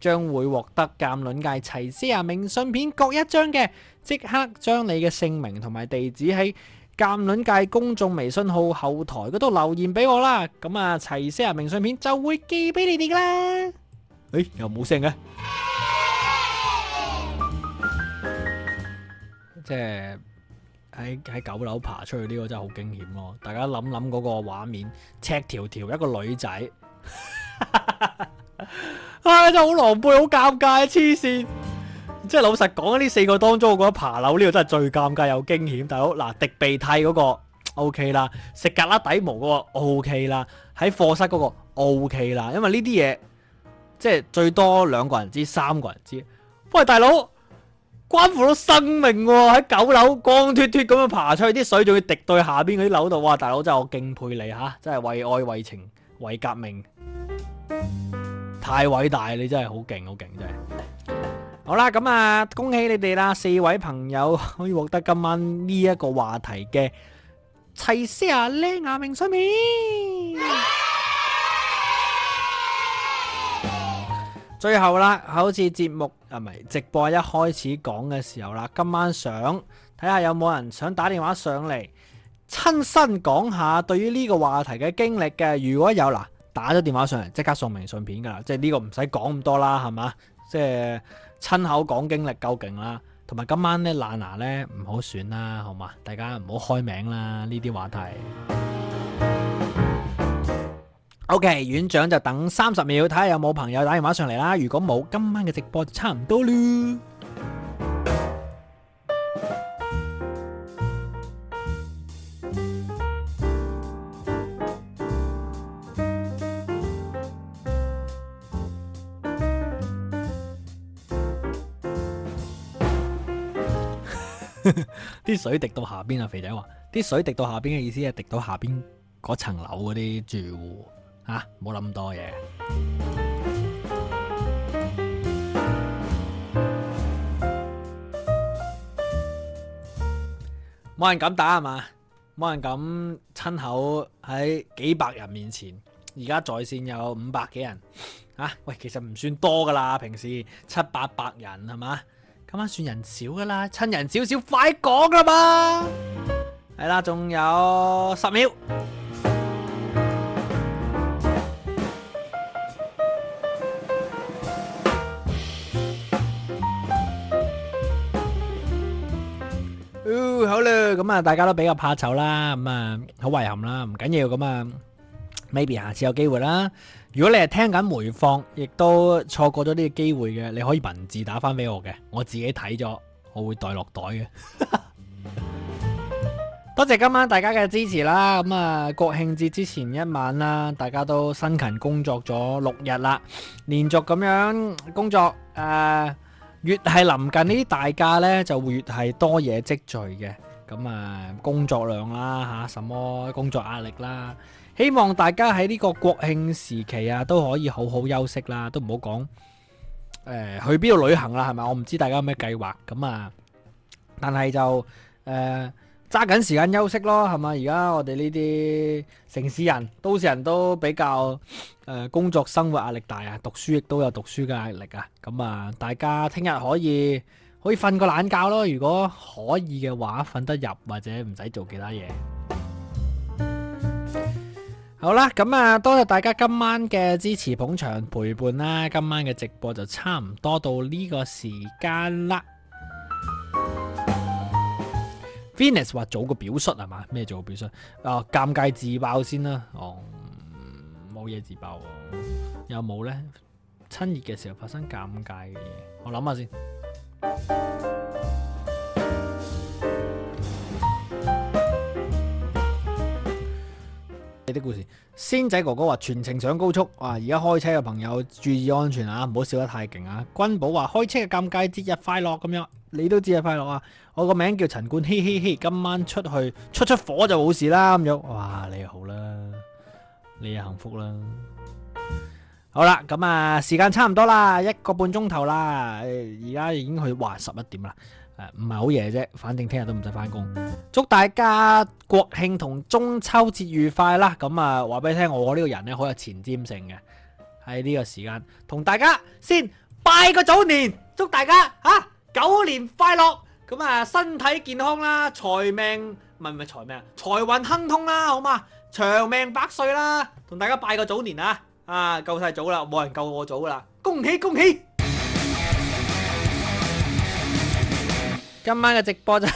將會獲得鑒論界齊些牙明信片各一張嘅，即刻將你嘅姓名同埋地址喺。鑒論界公眾微信號後台嗰度留言俾我啦，咁啊齊些牙明信片就會寄俾你哋噶啦。誒、欸，又冇聲嘅，嗯、即係喺喺九樓爬出去呢個真係好驚險咯！大家諗諗嗰個畫面，赤條條一個女仔，唉、啊，真係好狼狽，好尷尬，黐線。即係老實講，呢四個當中，我覺得爬樓呢個真係最尷尬又驚險。大佬，嗱，滴鼻涕嗰個 OK 啦，食格拉底毛嗰個 OK 啦，喺課室嗰個 OK 啦。因為呢啲嘢，即係最多兩個人知，三個人知。喂，大佬，關乎到生命喎，喺九樓光脫脫咁樣爬出去，啲水仲要滴到去下邊嗰啲樓度。哇，大佬真係我敬佩你吓，真係為愛、為情、為革命，太偉大！你真係好勁，好勁真係。好啦，咁啊，恭喜你哋啦！四位朋友可以獲得今晚呢一個話題嘅齊些牙靚牙明信片。最後啦，好似節目啊，咪直播一開始講嘅時候啦，今晚想睇下有冇人想打電話上嚟，親身講下對於呢個話題嘅經歷嘅。如果有啦，打咗電話上嚟，即刻送明信片噶啦，即係呢個唔使講咁多啦，係嘛，即係。親口講經歷夠勁啦，同埋今晚呢，爛牙呢，唔好選啦，好嘛？大家唔好開名啦，呢啲話題。OK，院長就等三十秒，睇下有冇朋友打電話上嚟啦。如果冇，今晚嘅直播就差唔多啦。啲水滴到下邊啊！肥仔話：啲水滴到下邊嘅意思係滴到下邊嗰層樓嗰啲住戶啊，冇諗咁多嘢。冇人敢打係嘛？冇人敢親口喺幾百人面前。而家在線有五百幾人啊！喂，其實唔算多噶啦，平時七八百人係嘛？今晚算人少噶啦，趁人少少，快講啦嘛！係啦，仲有十秒。好啦，咁啊，大家都比較怕醜啦，咁啊，好遺憾啦，唔緊要，咁啊，maybe 下次有機會啦。如果你係聽緊回放，亦都錯過咗呢個機會嘅，你可以文字打翻俾我嘅，我自己睇咗，我會袋落袋嘅。 多謝今晚大家嘅支持啦，咁、嗯、啊國慶節之前一晚啦，大家都辛勤工作咗六日啦，連續咁樣工作，誒、呃、越係臨近呢啲大假呢，就會越係多嘢積聚嘅，咁、嗯、啊工作量啦吓，什麼工作壓力啦。希望大家喺呢個國慶時期啊，都可以好好休息啦，都唔好講去邊度旅行啦，係咪？我唔知大家有咩計劃咁啊，但係就誒揸緊時間休息咯，係嘛？而家我哋呢啲城市人、都市人都比較誒、呃、工作、生活壓力大啊，讀書亦都有讀書嘅壓力啊，咁啊，大家聽日可以可以瞓個懶覺咯，如果可以嘅話，瞓得入或者唔使做其他嘢。好啦，咁啊，多謝大家今晚嘅支持、捧場、陪伴啦！今晚嘅直播就差唔多到呢個時間啦。嗯、Venus 話做個表述係嘛？咩做個表述？啊，尷尬自爆先啦，哦，冇嘢自爆喎、啊，又有冇呢？親熱嘅時候發生尷尬嘅嘢，我諗下先。的故事，仙仔哥哥話全程上高速啊！而家開車嘅朋友注意安全啊，唔好笑得太勁啊。君寶話開車嘅尷尬，節日快樂咁樣，你都節日快樂啊。我個名字叫陳冠，希，嘿嘿，今晚出去出出火就冇事啦。咁樣，哇，你好啦，你又幸福啦。好啦，咁啊，時間差唔多啦，一個半鐘頭啦，而家已經去話十一點啦。誒，唔係好夜啫，反正聽日都唔使翻工。祝大家國慶同中秋節愉快啦！咁啊，話俾你聽，我呢個人呢，好有前瞻性嘅。喺呢個時間同大家先拜個早年，祝大家吓、啊、九年快樂，咁啊身體健康啦，財命唔係唔係財命，財運亨通啦，好嘛，長命百歲啦，同大家拜個早年啊！啊，夠晒早啦，冇人夠我早啦，恭喜恭喜！今晚嘅直播就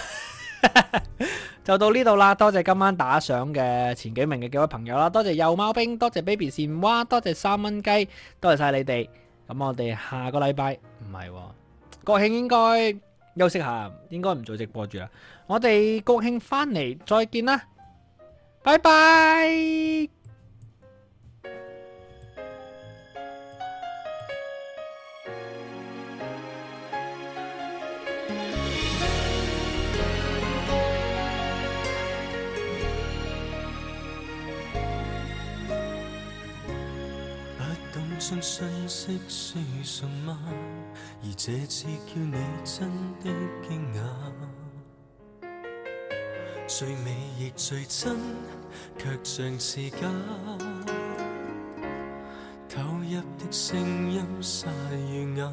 就到呢度啦，多謝今晚打賞嘅前幾名嘅幾位朋友啦，多謝幼貓兵，多謝 baby 蟬蛙，多謝三蚊雞，多謝晒你哋。咁我哋下個禮拜唔係喎，國慶應該休息下，應該唔做直播住啦。我哋國慶翻嚟再見啦，拜拜。信，息信信息輸送嗎？而這次叫你真的驚訝，最美亦最真，卻像是假。投入的聲音沙啞，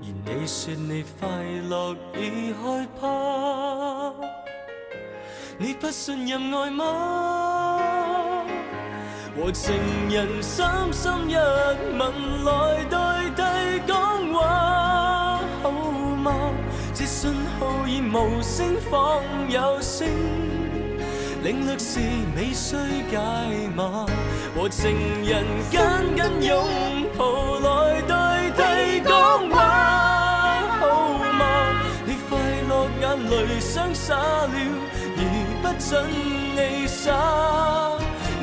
而你說你快樂，亦害怕。你不信任愛嗎？和情人深深一吻來代替講話好嗎？這訊號已無聲仿有聲，領略時未需解碼。和情人緊緊擁抱來代替講話好嗎？你快樂眼淚想灑了，而不准你灑。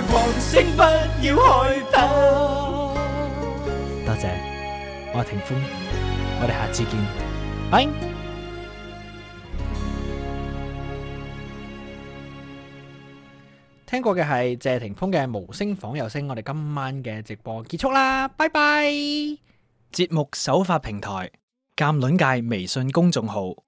多謝，我係霆鋒，我哋下次見，拜。聽過嘅係謝霆鋒嘅《無聲仿有聲》，我哋今晚嘅直播結束啦，拜拜。節目首發平台：鑒卵界微信公眾號。